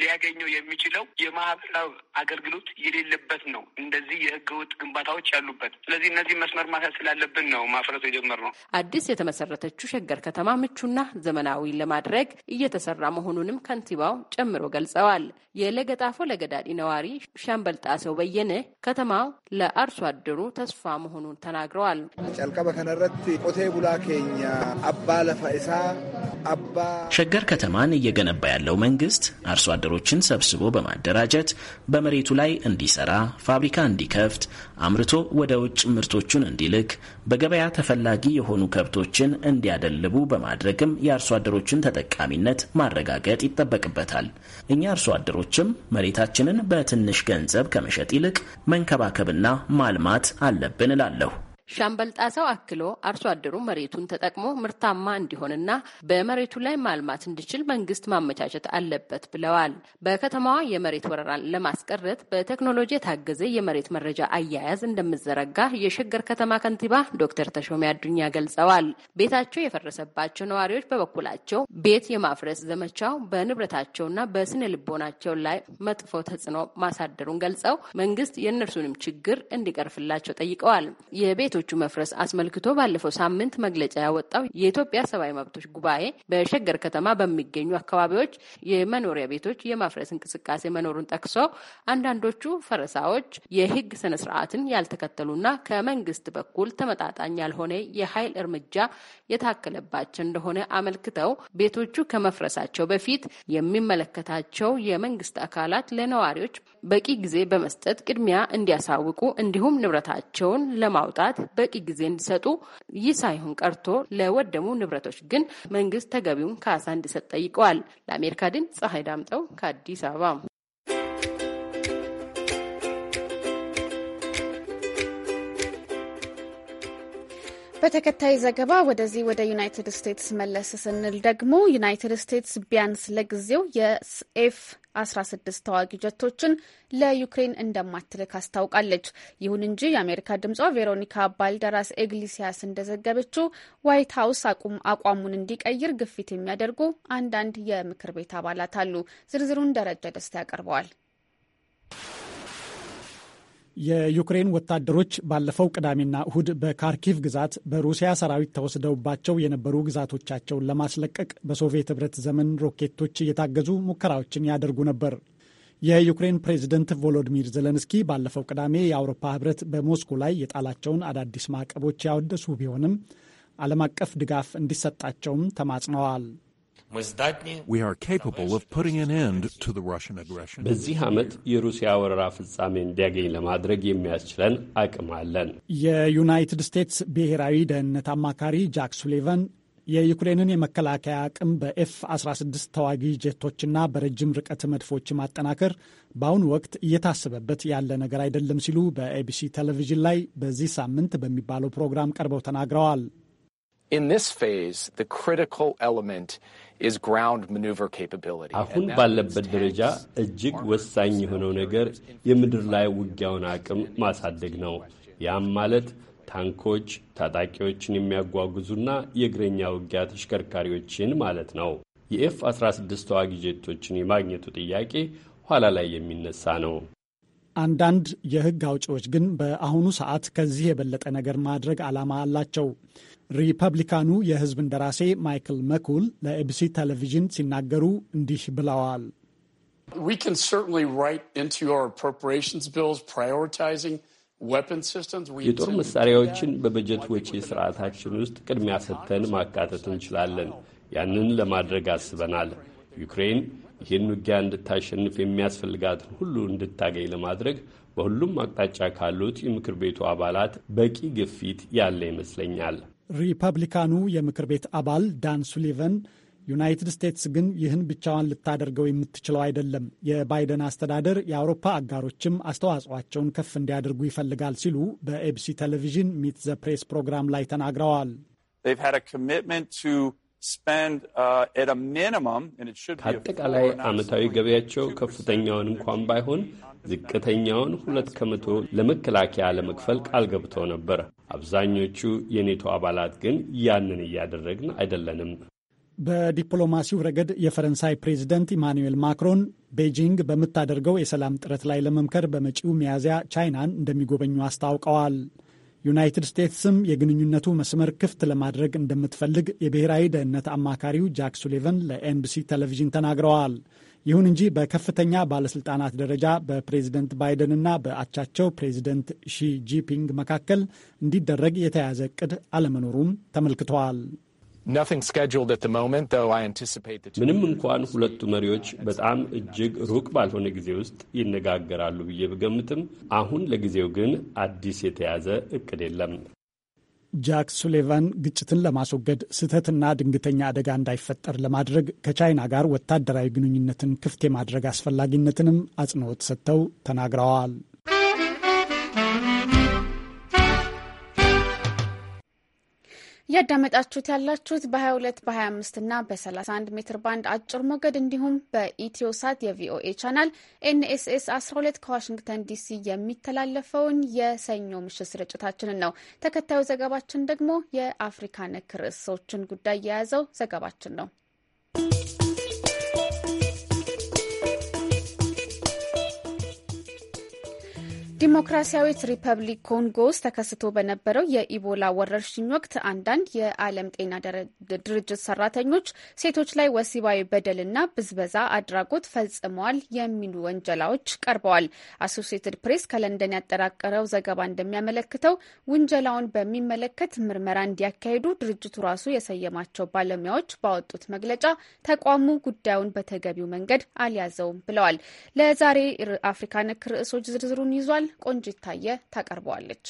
ሊያገኘው የሚችለው የማህበራዊ አገልግሎት የሌለበት ነው። እንደዚህ የህገወጥ ግንባታዎች ያሉበት። ስለዚህ እነዚህ መስመር ማሳት ስላለብን ነው ማፍረሱ የጀመርነው። አዲስ የተመሰረተችው ሸገር ከተማ ምቹና ዘመናዊ ለማድረግ እየተሰራ መሆኑንም ከንቲባው ጨምሮ ገልጸዋል። የለገጣፎ ለገዳዲ ነዋሪ ሻምበልጣ ሰው በየነ ከተማው ለአርሶ አደሩ ተስፋ መሆኑን ተናግረዋል። ጨልቀበ ከነረት ቆቴ ቡላ ኬኛ አባ ሸገር ከተማን እየገነባ ያለው መንግስት አርሶ አደሮችን ሰብስቦ በማደራጀት በመሬቱ ላይ እንዲሰራ፣ ፋብሪካ እንዲከፍት፣ አምርቶ ወደ ውጭ ምርቶቹን እንዲልክ፣ በገበያ ተፈላጊ የሆኑ ከብቶችን እንዲያደልቡ በማድረግም የአርሶ አደሮችን ተጠቃሚነት ማረጋገጥ ይጠበቅበታል። እኛ አርሶ አደሮችም መሬታችንን በትንሽ ገንዘብ ከመሸጥ ይልቅ መንከባከብና ማልማት አለብን እላለሁ። ሻምበልጣ ሰው አክሎ አርሶ አደሩ መሬቱን ተጠቅሞ ምርታማ እንዲሆንና በመሬቱ ላይ ማልማት እንዲችል መንግስት ማመቻቸት አለበት ብለዋል። በከተማዋ የመሬት ወረራን ለማስቀረት በቴክኖሎጂ የታገዘ የመሬት መረጃ አያያዝ እንደምዘረጋ የሸገር ከተማ ከንቲባ ዶክተር ተሾሜ አዱኛ ገልጸዋል። ቤታቸው የፈረሰባቸው ነዋሪዎች በበኩላቸው ቤት የማፍረስ ዘመቻው በንብረታቸውና በስነ ልቦናቸው ላይ መጥፎ ተጽዕኖ ማሳደሩን ገልጸው መንግስት የእነርሱንም ችግር እንዲቀርፍላቸው ጠይቀዋል። የቤቱ የቤቶቹ መፍረስ አስመልክቶ ባለፈው ሳምንት መግለጫ ያወጣው የኢትዮጵያ ሰብአዊ መብቶች ጉባኤ በሸገር ከተማ በሚገኙ አካባቢዎች የመኖሪያ ቤቶች የማፍረስ እንቅስቃሴ መኖሩን ጠቅሶ አንዳንዶቹ ፈረሳዎች የህግ ስነ ስርዓትን ያልተከተሉና ከመንግስት በኩል ተመጣጣኝ ያልሆነ የኃይል እርምጃ የታከለባቸው እንደሆነ አመልክተው ቤቶቹ ከመፍረሳቸው በፊት የሚመለከታቸው የመንግስት አካላት ለነዋሪዎች በቂ ጊዜ በመስጠት ቅድሚያ እንዲያሳውቁ እንዲሁም ንብረታቸውን ለማውጣት በቂ ጊዜ እንዲሰጡ፣ ይህ ሳይሆን ቀርቶ ለወደሙ ንብረቶች ግን መንግስት ተገቢውን ካሳ እንዲሰጥ ጠይቀዋል። ለአሜሪካ ድምፅ ፀሐይ ዳምጠው ከአዲስ አበባ በተከታይ ዘገባ ወደዚህ ወደ ዩናይትድ ስቴትስ መለስ ስንል ደግሞ ዩናይትድ ስቴትስ ቢያንስ ለጊዜው የኤፍ 16 ተዋጊ ጀቶችን ለዩክሬን እንደማትልክ አስታውቃለች። ይሁን እንጂ የአሜሪካ ድምጿ ቬሮኒካ ባልደራስ ኤግሊሲያስ እንደዘገበችው ዋይት ሀውስ አቋሙን እንዲቀይር ግፊት የሚያደርጉ አንዳንድ የምክር ቤት አባላት አሉ። ዝርዝሩን ደረጃ ደስታ ያቀርበዋል። የዩክሬን ወታደሮች ባለፈው ቅዳሜና እሁድ በካርኪቭ ግዛት በሩሲያ ሰራዊት ተወስደውባቸው የነበሩ ግዛቶቻቸውን ለማስለቀቅ በሶቪየት ህብረት ዘመን ሮኬቶች እየታገዙ ሙከራዎችን ያደርጉ ነበር። የዩክሬን ፕሬዝደንት ቮሎዲሚር ዘለንስኪ ባለፈው ቅዳሜ የአውሮፓ ህብረት በሞስኮ ላይ የጣላቸውን አዳዲስ ማዕቀቦች ያወደሱ ቢሆንም ዓለም አቀፍ ድጋፍ እንዲሰጣቸውም ተማጽነዋል። በዚህ ዓመት የሩሲያ ወረራ ፍጻሜ እንዲያገኝ ለማድረግ የሚያስችለን አቅም አለን። የዩናይትድ ስቴትስ ብሔራዊ ደህንነት አማካሪ ጃክ ሱሌቨን የዩክሬንን የመከላከያ አቅም በኤፍ 16 ተዋጊ ጀቶችና በረጅም ርቀት መድፎች ማጠናከር በአሁኑ ወቅት እየታሰበበት ያለ ነገር አይደለም ሲሉ በኤቢሲ ቴሌቪዥን ላይ በዚህ ሳምንት በሚባለው ፕሮግራም ቀርበው ተናግረዋል። አሁን ባለበት ደረጃ እጅግ ወሳኝ የሆነው ነገር የምድር ላይ ውጊያውን አቅም ማሳደግ ነው። ያም ማለት ታንኮች፣ ታጣቂዎችን የሚያጓጉዙና የእግረኛ ውጊያ ተሽከርካሪዎችን ማለት ነው። የኤፍ 16 ተዋጊ ጄቶችን የማግኘቱ ጥያቄ ኋላ ላይ የሚነሳ ነው። አንዳንድ የሕግ አውጪዎች ግን በአሁኑ ሰዓት ከዚህ የበለጠ ነገር ማድረግ ዓላማ አላቸው። ሪፐብሊካኑ የህዝብ እንደራሴ ማይክል መኩል ለኤቢሲ ቴሌቪዥን ሲናገሩ እንዲህ ብለዋል። የጦር መሳሪያዎችን በበጀት ወጪ ስርዓታችን ውስጥ ቅድሚያ ሰጥተን ማካተት እንችላለን። ያንን ለማድረግ አስበናል። ዩክሬን ይህን ውጊያ እንድታሸንፍ የሚያስፈልጋትን ሁሉ እንድታገኝ ለማድረግ በሁሉም አቅጣጫ ካሉት የምክር ቤቱ አባላት በቂ ግፊት ያለ ይመስለኛል። ሪፐብሊካኑ የምክር ቤት አባል ዳን ሱሊቨን ዩናይትድ ስቴትስ ግን ይህን ብቻዋን ልታደርገው የምትችለው አይደለም፣ የባይደን አስተዳደር የአውሮፓ አጋሮችም አስተዋጽኦአቸውን ከፍ እንዲያደርጉ ይፈልጋል ሲሉ በኤቢሲ ቴሌቪዥን ሚት ዘ ፕሬስ ፕሮግራም ላይ ተናግረዋል። Uh, ከአጠቃላይ ዓመታዊ ገቢያቸው ከፍተኛውን እንኳን ባይሆን ዝቅተኛውን ሁለት ከመቶ ለመከላከያ ለመክፈል ቃል ገብተው ነበር። አብዛኞቹ የኔቶ አባላት ግን ያንን እያደረግን አይደለንም። በዲፕሎማሲው ረገድ የፈረንሳይ ፕሬዚደንት ኢማኑኤል ማክሮን ቤጂንግ በምታደርገው የሰላም ጥረት ላይ ለመምከር በመጪው ሚያዝያ ቻይናን እንደሚጎበኙ አስታውቀዋል። ዩናይትድ ስቴትስም የግንኙነቱ መስመር ክፍት ለማድረግ እንደምትፈልግ የብሔራዊ ደህንነት አማካሪው ጃክ ሱሊቨን ለኤንቢሲ ቴሌቪዥን ተናግረዋል። ይሁን እንጂ በከፍተኛ ባለስልጣናት ደረጃ በፕሬዝደንት ባይደንና በአቻቸው ፕሬዝደንት ሺ ጂፒንግ መካከል እንዲደረግ የተያዘ እቅድ አለመኖሩም ተመልክተዋል። ምንም እንኳን ሁለቱ መሪዎች በጣም እጅግ ሩቅ ባልሆነ ጊዜ ውስጥ ይነጋገራሉ ብዬ ብገምትም አሁን ለጊዜው ግን አዲስ የተያዘ እቅድ የለም። ጃክ ሱሌቫን ግጭትን ለማስወገድ ስህተትና ድንገተኛ አደጋ እንዳይፈጠር ለማድረግ ከቻይና ጋር ወታደራዊ ግንኙነትን ክፍት የማድረግ አስፈላጊነትንም አጽንኦት ሰጥተው ተናግረዋል። እያዳመጣችሁት ያላችሁት በ22 በ25 እና በ31 ሜትር ባንድ አጭር ሞገድ እንዲሁም ሳት የቪኦኤ ቻናል ኤንኤስኤስ 12 ከዋሽንግተን ዲሲ የሚተላለፈውን የሰኞ ምሽት ስርጭታችንን ነው። ተከታዩ ዘገባችን ደግሞ የአፍሪካ ነክ ርዕሶችን ጉዳይ የያዘው ዘገባችን ነው። ዲሞክራሲያዊት ሪፐብሊክ ኮንጎ ውስጥ ተከስቶ በነበረው የኢቦላ ወረርሽኝ ወቅት አንዳንድ የዓለም ጤና ድርጅት ሰራተኞች ሴቶች ላይ ወሲባዊ በደልና ብዝበዛ አድራጎት ፈጽመዋል የሚሉ ወንጀላዎች ቀርበዋል። አሶሲየትድ ፕሬስ ከለንደን ያጠራቀረው ዘገባ እንደሚያመለክተው ውንጀላውን በሚመለከት ምርመራ እንዲያካሂዱ ድርጅቱ ራሱ የሰየማቸው ባለሙያዎች ባወጡት መግለጫ ተቋሙ ጉዳዩን በተገቢው መንገድ አልያዘውም ብለዋል። ለዛሬ አፍሪካ ነክ ርዕሶች ዝርዝሩን ይዟል። ቆንጂት ታየ ታቀርበዋለች።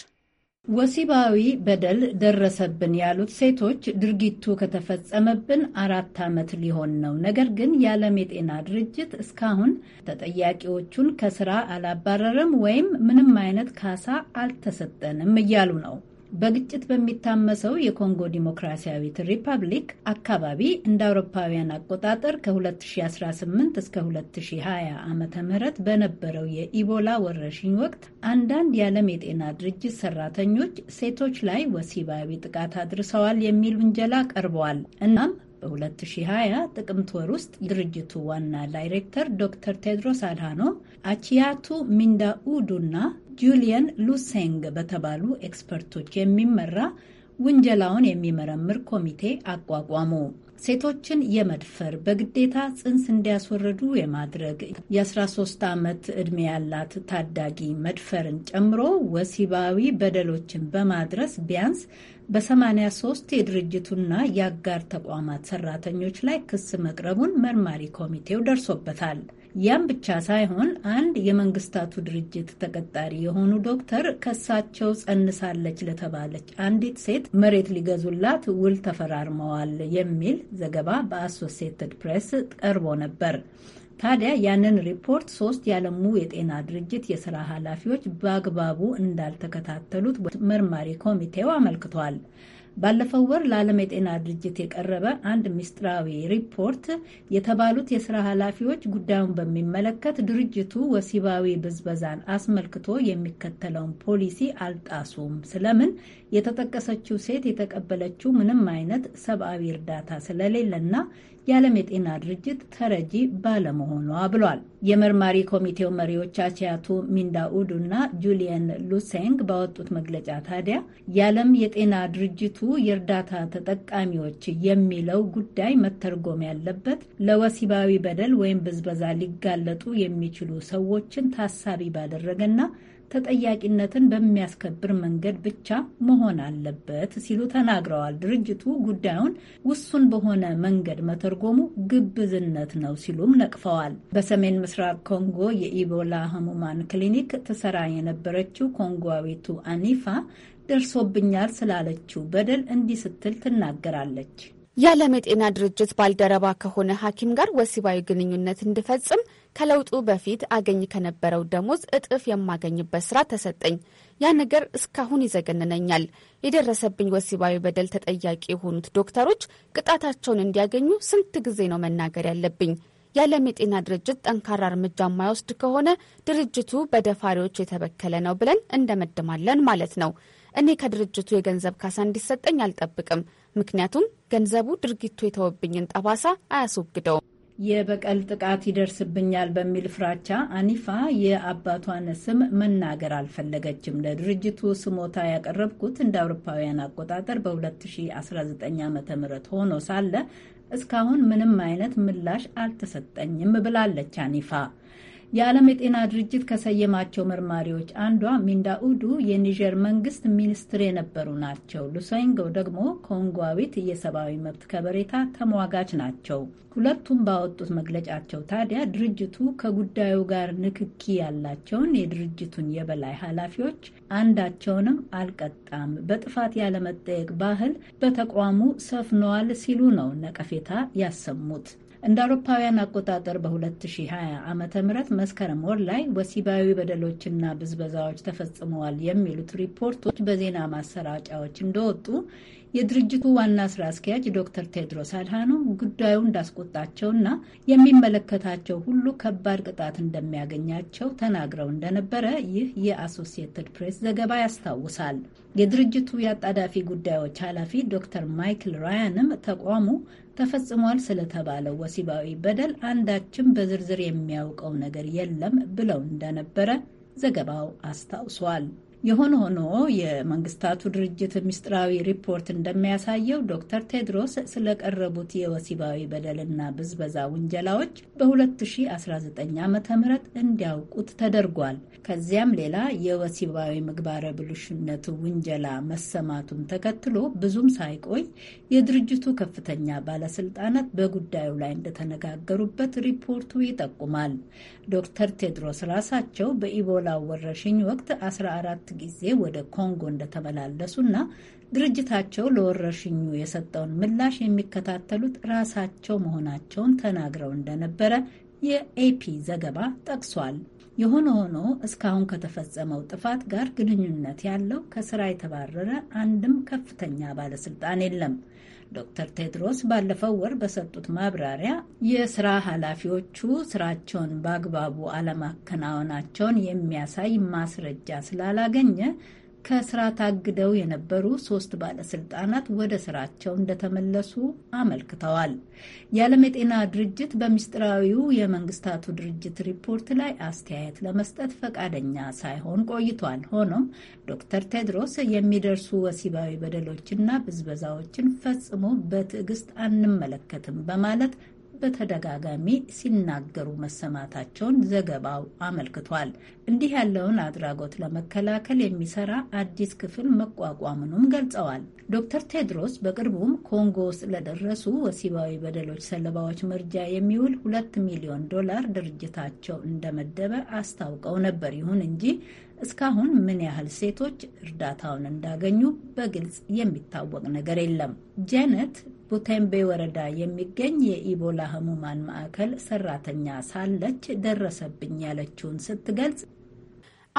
ወሲባዊ በደል ደረሰብን ያሉት ሴቶች ድርጊቱ ከተፈጸመብን አራት ዓመት ሊሆን ነው። ነገር ግን የዓለም የጤና ድርጅት እስካሁን ተጠያቂዎቹን ከስራ አላባረረም ወይም ምንም አይነት ካሳ አልተሰጠንም እያሉ ነው። በግጭት በሚታመሰው የኮንጎ ዲሞክራሲያዊት ሪፐብሊክ አካባቢ እንደ አውሮፓውያን አቆጣጠር ከ2018 እስከ 2020 ዓ ም በነበረው የኢቦላ ወረርሽኝ ወቅት አንዳንድ የዓለም የጤና ድርጅት ሰራተኞች ሴቶች ላይ ወሲባዊ ጥቃት አድርሰዋል የሚል ውንጀላ ቀርበዋል። እናም በ2020 ጥቅምት ወር ውስጥ የድርጅቱ ዋና ዳይሬክተር ዶክተር ቴድሮስ አድሃኖም አቺያቱ ሚንዳኡዱና ጁሊየን ሉሴንግ በተባሉ ኤክስፐርቶች የሚመራ ውንጀላውን የሚመረምር ኮሚቴ አቋቋሙ። ሴቶችን የመድፈር በግዴታ ጽንስ እንዲያስወረዱ የማድረግ የ13 ዓመት ዕድሜ ያላት ታዳጊ መድፈርን ጨምሮ ወሲባዊ በደሎችን በማድረስ ቢያንስ በ83 የድርጅቱና የአጋር ተቋማት ሰራተኞች ላይ ክስ መቅረቡን መርማሪ ኮሚቴው ደርሶበታል። ያም ብቻ ሳይሆን አንድ የመንግስታቱ ድርጅት ተቀጣሪ የሆኑ ዶክተር ከሳቸው ጸንሳለች ለተባለች አንዲት ሴት መሬት ሊገዙላት ውል ተፈራርመዋል የሚል ዘገባ በአሶሲየትድ ፕሬስ ቀርቦ ነበር። ታዲያ ያንን ሪፖርት ሶስት የዓለሙ የጤና ድርጅት የስራ ኃላፊዎች በአግባቡ እንዳልተከታተሉት መርማሪ ኮሚቴው አመልክቷል። ባለፈው ወር ለዓለም የጤና ድርጅት የቀረበ አንድ ምስጢራዊ ሪፖርት የተባሉት የስራ ኃላፊዎች ጉዳዩን በሚመለከት ድርጅቱ ወሲባዊ ብዝበዛን አስመልክቶ የሚከተለውን ፖሊሲ አልጣሱም፣ ስለምን የተጠቀሰችው ሴት የተቀበለችው ምንም አይነት ሰብአዊ እርዳታ ስለሌለና የዓለም የጤና ድርጅት ተረጂ ባለመሆኗ ብሏል። የመርማሪ ኮሚቴው መሪዎች አቻያቱ ሚንዳኡዱ እና ጁሊየን ሉሴንግ ባወጡት መግለጫ ታዲያ የዓለም የጤና ድርጅቱ የእርዳታ ተጠቃሚዎች የሚለው ጉዳይ መተርጎም ያለበት ለወሲባዊ በደል ወይም ብዝበዛ ሊጋለጡ የሚችሉ ሰዎችን ታሳቢ ባደረገና ተጠያቂነትን በሚያስከብር መንገድ ብቻ መሆን አለበት ሲሉ ተናግረዋል። ድርጅቱ ጉዳዩን ውሱን በሆነ መንገድ መተርጎሙ ግብዝነት ነው ሲሉም ነቅፈዋል። በሰሜን ምስራቅ ኮንጎ የኢቦላ ህሙማን ክሊኒክ ትሰራ የነበረችው ኮንጓዊቱ አኒፋ ደርሶብኛል ስላለችው በደል እንዲህ ስትል ትናገራለች። የዓለም የጤና ድርጅት ባልደረባ ከሆነ ሐኪም ጋር ወሲባዊ ግንኙነት እንድፈጽም ከለውጡ በፊት አገኝ ከነበረው ደሞዝ እጥፍ የማገኝበት ስራ ተሰጠኝ። ያ ነገር እስካሁን ይዘገንነኛል። የደረሰብኝ ወሲባዊ በደል ተጠያቂ የሆኑት ዶክተሮች ቅጣታቸውን እንዲያገኙ ስንት ጊዜ ነው መናገር ያለብኝ? የዓለም የጤና ድርጅት ጠንካራ እርምጃ የማይወስድ ከሆነ ድርጅቱ በደፋሪዎች የተበከለ ነው ብለን እንደመድማለን ማለት ነው። እኔ ከድርጅቱ የገንዘብ ካሳ እንዲሰጠኝ አልጠብቅም። ምክንያቱም ገንዘቡ ድርጊቱ የተወብኝን ጠባሳ አያስወግደውም። የበቀል ጥቃት ይደርስብኛል በሚል ፍራቻ አኒፋ የአባቷን ስም መናገር አልፈለገችም። ለድርጅቱ ስሞታ ያቀረብኩት እንደ አውሮፓውያን አቆጣጠር በ2019 ዓ ም ሆኖ ሳለ እስካሁን ምንም አይነት ምላሽ አልተሰጠኝም ብላለች አኒፋ። የዓለም የጤና ድርጅት ከሰየማቸው መርማሪዎች አንዷ ሚንዳ ኡዱ የኒጀር መንግስት ሚኒስትር የነበሩ ናቸው። ሉሰንጎ ደግሞ ኮንጓዊት የሰብአዊ መብት ከበሬታ ተሟጋች ናቸው። ሁለቱም ባወጡት መግለጫቸው ታዲያ ድርጅቱ ከጉዳዩ ጋር ንክኪ ያላቸውን የድርጅቱን የበላይ ኃላፊዎች አንዳቸውንም አልቀጣም፣ በጥፋት ያለመጠየቅ ባህል በተቋሙ ሰፍነዋል ሲሉ ነው ነቀፌታ ያሰሙት። እንደ አውሮፓውያን አቆጣጠር በ2020 ዓ ም መስከረም ወር ላይ ወሲባዊ በደሎችና ብዝበዛዎች ተፈጽመዋል የሚሉት ሪፖርቶች በዜና ማሰራጫዎች እንደወጡ የድርጅቱ ዋና ስራ አስኪያጅ ዶክተር ቴድሮስ አድሃኖ ጉዳዩ እንዳስቆጣቸውና የሚመለከታቸው ሁሉ ከባድ ቅጣት እንደሚያገኛቸው ተናግረው እንደነበረ ይህ የአሶሲየትድ ፕሬስ ዘገባ ያስታውሳል። የድርጅቱ የአጣዳፊ ጉዳዮች ኃላፊ ዶክተር ማይክል ራያንም ተቋሙ ተፈጽሟል ስለተባለው ወሲባዊ በደል አንዳችም በዝርዝር የሚያውቀው ነገር የለም ብለው እንደነበረ ዘገባው አስታውሷል። የሆነ ሆኖ የመንግስታቱ ድርጅት ምስጢራዊ ሪፖርት እንደሚያሳየው ዶክተር ቴድሮስ ስለቀረቡት የወሲባዊ በደልና ብዝበዛ ውንጀላዎች በ2019 ዓ ም እንዲያውቁት ተደርጓል። ከዚያም ሌላ የወሲባዊ ምግባረ ብልሽነት ውንጀላ መሰማቱን ተከትሎ ብዙም ሳይቆይ የድርጅቱ ከፍተኛ ባለስልጣናት በጉዳዩ ላይ እንደተነጋገሩበት ሪፖርቱ ይጠቁማል። ዶክተር ቴድሮስ ራሳቸው በኢቦላ ወረርሽኝ ወቅት 14 ሁለት ጊዜ ወደ ኮንጎ እንደተመላለሱና ድርጅታቸው ለወረርሽኙ የሰጠውን ምላሽ የሚከታተሉት ራሳቸው መሆናቸውን ተናግረው እንደነበረ የኤፒ ዘገባ ጠቅሷል። የሆነ ሆኖ እስካሁን ከተፈጸመው ጥፋት ጋር ግንኙነት ያለው ከስራ የተባረረ አንድም ከፍተኛ ባለስልጣን የለም። ዶክተር ቴድሮስ ባለፈው ወር በሰጡት ማብራሪያ የስራ ኃላፊዎቹ ስራቸውን በአግባቡ አለማከናወናቸውን የሚያሳይ ማስረጃ ስላላገኘ ከስራ ታግደው የነበሩ ሶስት ባለስልጣናት ወደ ስራቸው እንደተመለሱ አመልክተዋል። የዓለም የጤና ድርጅት በምስጢራዊው የመንግስታቱ ድርጅት ሪፖርት ላይ አስተያየት ለመስጠት ፈቃደኛ ሳይሆን ቆይቷል። ሆኖም ዶክተር ቴድሮስ የሚደርሱ ወሲባዊ በደሎችና ብዝበዛዎችን ፈጽሞ በትዕግስት አንመለከትም በማለት በተደጋጋሚ ሲናገሩ መሰማታቸውን ዘገባው አመልክቷል። እንዲህ ያለውን አድራጎት ለመከላከል የሚሰራ አዲስ ክፍል መቋቋሙንም ገልጸዋል። ዶክተር ቴድሮስ በቅርቡም ኮንጎ ውስጥ ለደረሱ ወሲባዊ በደሎች ሰለባዎች መርጃ የሚውል ሁለት ሚሊዮን ዶላር ድርጅታቸው እንደመደበ አስታውቀው ነበር። ይሁን እንጂ እስካሁን ምን ያህል ሴቶች እርዳታውን እንዳገኙ በግልጽ የሚታወቅ ነገር የለም። ጄነት ቡቴምቤ ወረዳ የሚገኝ የኢቦላ ህሙማን ማዕከል ሰራተኛ ሳለች ደረሰብኝ ያለችውን ስትገልጽ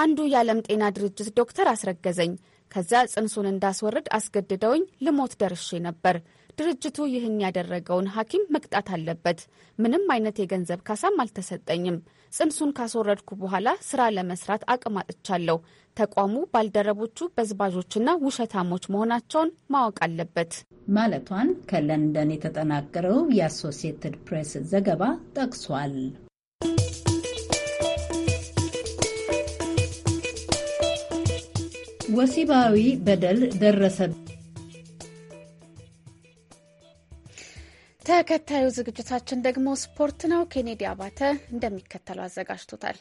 አንዱ የዓለም ጤና ድርጅት ዶክተር አስረገዘኝ። ከዛ ጽንሱን እንዳስወርድ አስገድደውኝ ልሞት ደርሼ ነበር። ድርጅቱ ይህን ያደረገውን ሐኪም መቅጣት አለበት። ምንም አይነት የገንዘብ ካሳም አልተሰጠኝም። ጽንሱን ካስወረድኩ በኋላ ስራ ለመስራት አቅም አጥቻለሁ። ተቋሙ ባልደረቦቹ በዝባዦችና ውሸታሞች መሆናቸውን ማወቅ አለበት ማለቷን ከለንደን የተጠናቀረው የአሶሲየትድ ፕሬስ ዘገባ ጠቅሷል። ወሲባዊ በደል ደረሰ ተከታዩ ዝግጅታችን ደግሞ ስፖርት ነው። ኬኔዲ አባተ እንደሚከተለው አዘጋጅቶታል።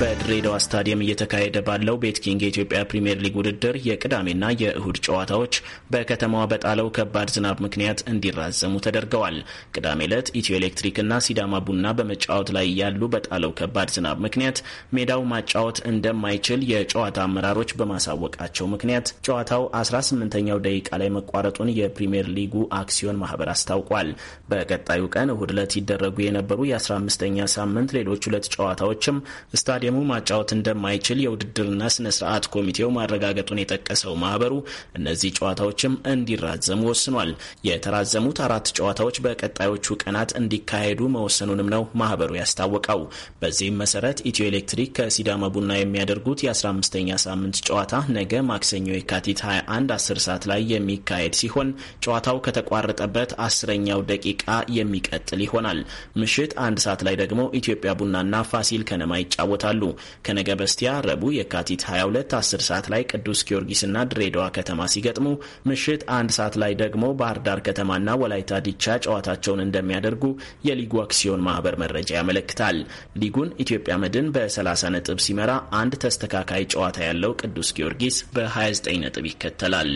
በድሬዳዋ ስታዲየም እየተካሄደ ባለው ቤትኪንግ የኢትዮጵያ ፕሪምየር ሊግ ውድድር የቅዳሜና የእሁድ ጨዋታዎች በከተማዋ በጣለው ከባድ ዝናብ ምክንያት እንዲራዘሙ ተደርገዋል። ቅዳሜ ዕለት ኢትዮ ኤሌክትሪክና ሲዳማ ቡና በመጫወት ላይ ያሉ በጣለው ከባድ ዝናብ ምክንያት ሜዳው ማጫወት እንደማይችል የጨዋታ አመራሮች በማሳወቃቸው ምክንያት ጨዋታው 18ኛው ደቂቃ ላይ መቋረጡን የፕሪምየር ሊጉ አክሲዮን ማህበር አስታውቋል። በቀጣዩ ቀን እሁድ ዕለት ሲደረጉ የነበሩ የ15ኛ ሳምንት ሌሎች ሁለት ጨዋታዎችም ስታዲ በስታዲየሙ ማጫወት እንደማይችል የውድድርና ስነ ስርዓት ኮሚቴው ማረጋገጡን የጠቀሰው ማህበሩ እነዚህ ጨዋታዎችም እንዲራዘሙ ወስኗል። የተራዘሙት አራት ጨዋታዎች በቀጣዮቹ ቀናት እንዲካሄዱ መወሰኑንም ነው ማህበሩ ያስታወቀው። በዚህም መሰረት ኢትዮ ኤሌክትሪክ ከሲዳማ ቡና የሚያደርጉት የ15ኛ ሳምንት ጨዋታ ነገ ማክሰኞ የካቲት 21 10 ሰዓት ላይ የሚካሄድ ሲሆን ጨዋታው ከተቋረጠበት አስረኛው ደቂቃ የሚቀጥል ይሆናል። ምሽት አንድ ሰዓት ላይ ደግሞ ኢትዮጵያ ቡናና ፋሲል ከነማ ይጫወታሉ። ይገኛሉ። ከነገ በስቲያ ረቡዕ የካቲት 22 10 ሰዓት ላይ ቅዱስ ጊዮርጊስና ድሬዳዋ ከተማ ሲገጥሙ ምሽት አንድ ሰዓት ላይ ደግሞ ባህር ዳር ከተማና ወላይታ ዲቻ ጨዋታቸውን እንደሚያደርጉ የሊጉ አክሲዮን ማህበር መረጃ ያመለክታል። ሊጉን ኢትዮጵያ መድን በ30 ነጥብ ሲመራ አንድ ተስተካካይ ጨዋታ ያለው ቅዱስ ጊዮርጊስ በ29 ነጥብ ይከተላል።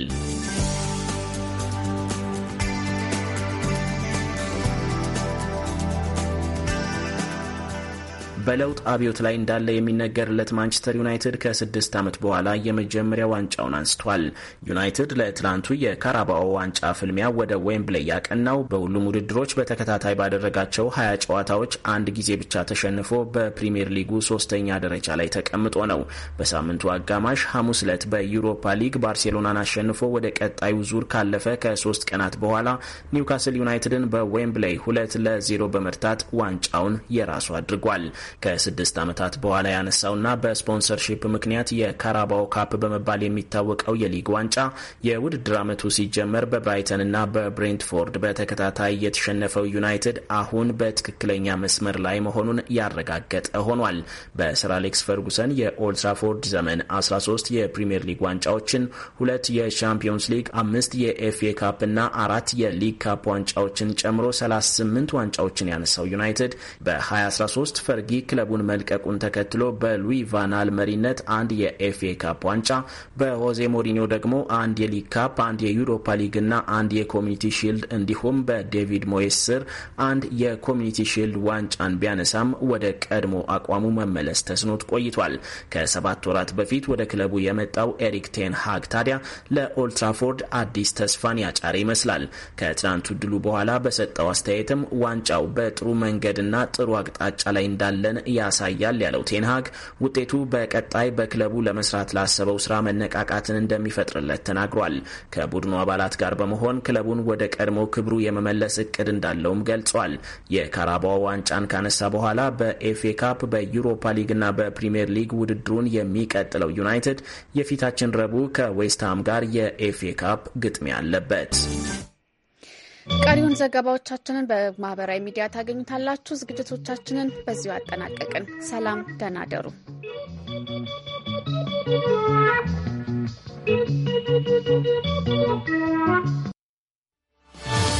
በለውጥ አብዮት ላይ እንዳለ የሚነገርለት ማንቸስተር ዩናይትድ ከስድስት ዓመት በኋላ የመጀመሪያ ዋንጫውን አንስቷል። ዩናይትድ ለትላንቱ የካራባኦ ዋንጫ ፍልሚያ ወደ ዌምብሌይ ያቀናው በሁሉም ውድድሮች በተከታታይ ባደረጋቸው ሀያ ጨዋታዎች አንድ ጊዜ ብቻ ተሸንፎ በፕሪምየር ሊጉ ሶስተኛ ደረጃ ላይ ተቀምጦ ነው። በሳምንቱ አጋማሽ ሐሙስ ዕለት በዩሮፓ ሊግ ባርሴሎናን አሸንፎ ወደ ቀጣዩ ዙር ካለፈ ከሶስት ቀናት በኋላ ኒውካስል ዩናይትድን በዌምብሌይ ሁለት ለዜሮ በመርታት ዋንጫውን የራሱ አድርጓል። ከስድስት ዓመታት በኋላ ያነሳውና በስፖንሰርሺፕ ምክንያት የካራባው ካፕ በመባል የሚታወቀው የሊግ ዋንጫ የውድድር ዓመቱ ሲጀመር በብራይተንና በብሬንትፎርድ በተከታታይ የተሸነፈው ዩናይትድ አሁን በትክክለኛ መስመር ላይ መሆኑን ያረጋገጠ ሆኗል። በሰር አሌክስ ፈርጉሰን የኦልትራፎርድ ዘመን 13 የፕሪምየር ሊግ ዋንጫዎችን፣ ሁለት የሻምፒዮንስ ሊግ፣ አምስት የኤፍኤ ካፕ እና አራት የሊግ ካፕ ዋንጫዎችን ጨምሮ 38 ዋንጫዎችን ያነሳው ዩናይትድ በ2013 ፈርጊ ክለቡን መልቀቁን ተከትሎ በሉዊ ቫናል መሪነት አንድ የኤፍኤ ካፕ ዋንጫ በሆዜ ሞሪኒዮ ደግሞ አንድ የሊግ ካፕ፣ አንድ የዩሮፓ ሊግና አንድ የኮሚኒቲ ሺልድ እንዲሁም በዴቪድ ሞየስ ስር አንድ የኮሚኒቲ ሺልድ ዋንጫን ቢያነሳም ወደ ቀድሞ አቋሙ መመለስ ተስኖት ቆይቷል። ከሰባት ወራት በፊት ወደ ክለቡ የመጣው ኤሪክ ቴን ሃግ ታዲያ ለኦልትራፎርድ አዲስ ተስፋን ያጫረ ይመስላል። ከትናንቱ ድሉ በኋላ በሰጠው አስተያየትም ዋንጫው በጥሩ መንገድና ጥሩ አቅጣጫ ላይ እንዳለ እንዳለን ያሳያል ያለው ቴንሃግ ውጤቱ በቀጣይ በክለቡ ለመስራት ላሰበው ስራ መነቃቃትን እንደሚፈጥርለት ተናግሯል። ከቡድኑ አባላት ጋር በመሆን ክለቡን ወደ ቀድሞ ክብሩ የመመለስ እቅድ እንዳለውም ገልጿል። የካራባ ዋንጫን ካነሳ በኋላ በኤፍኤ ካፕ፣ በዩሮፓ ሊግና በፕሪምየር ሊግ ውድድሩን የሚቀጥለው ዩናይትድ የፊታችን ረቡዕ ከዌስትሃም ጋር የኤፍኤ ካፕ ግጥሚያ አለበት። ቀሪውን ዘገባዎቻችንን በማህበራዊ ሚዲያ ታገኙታላችሁ። ዝግጅቶቻችንን በዚሁ አጠናቀቅን። ሰላም፣ ደህና ደሩ።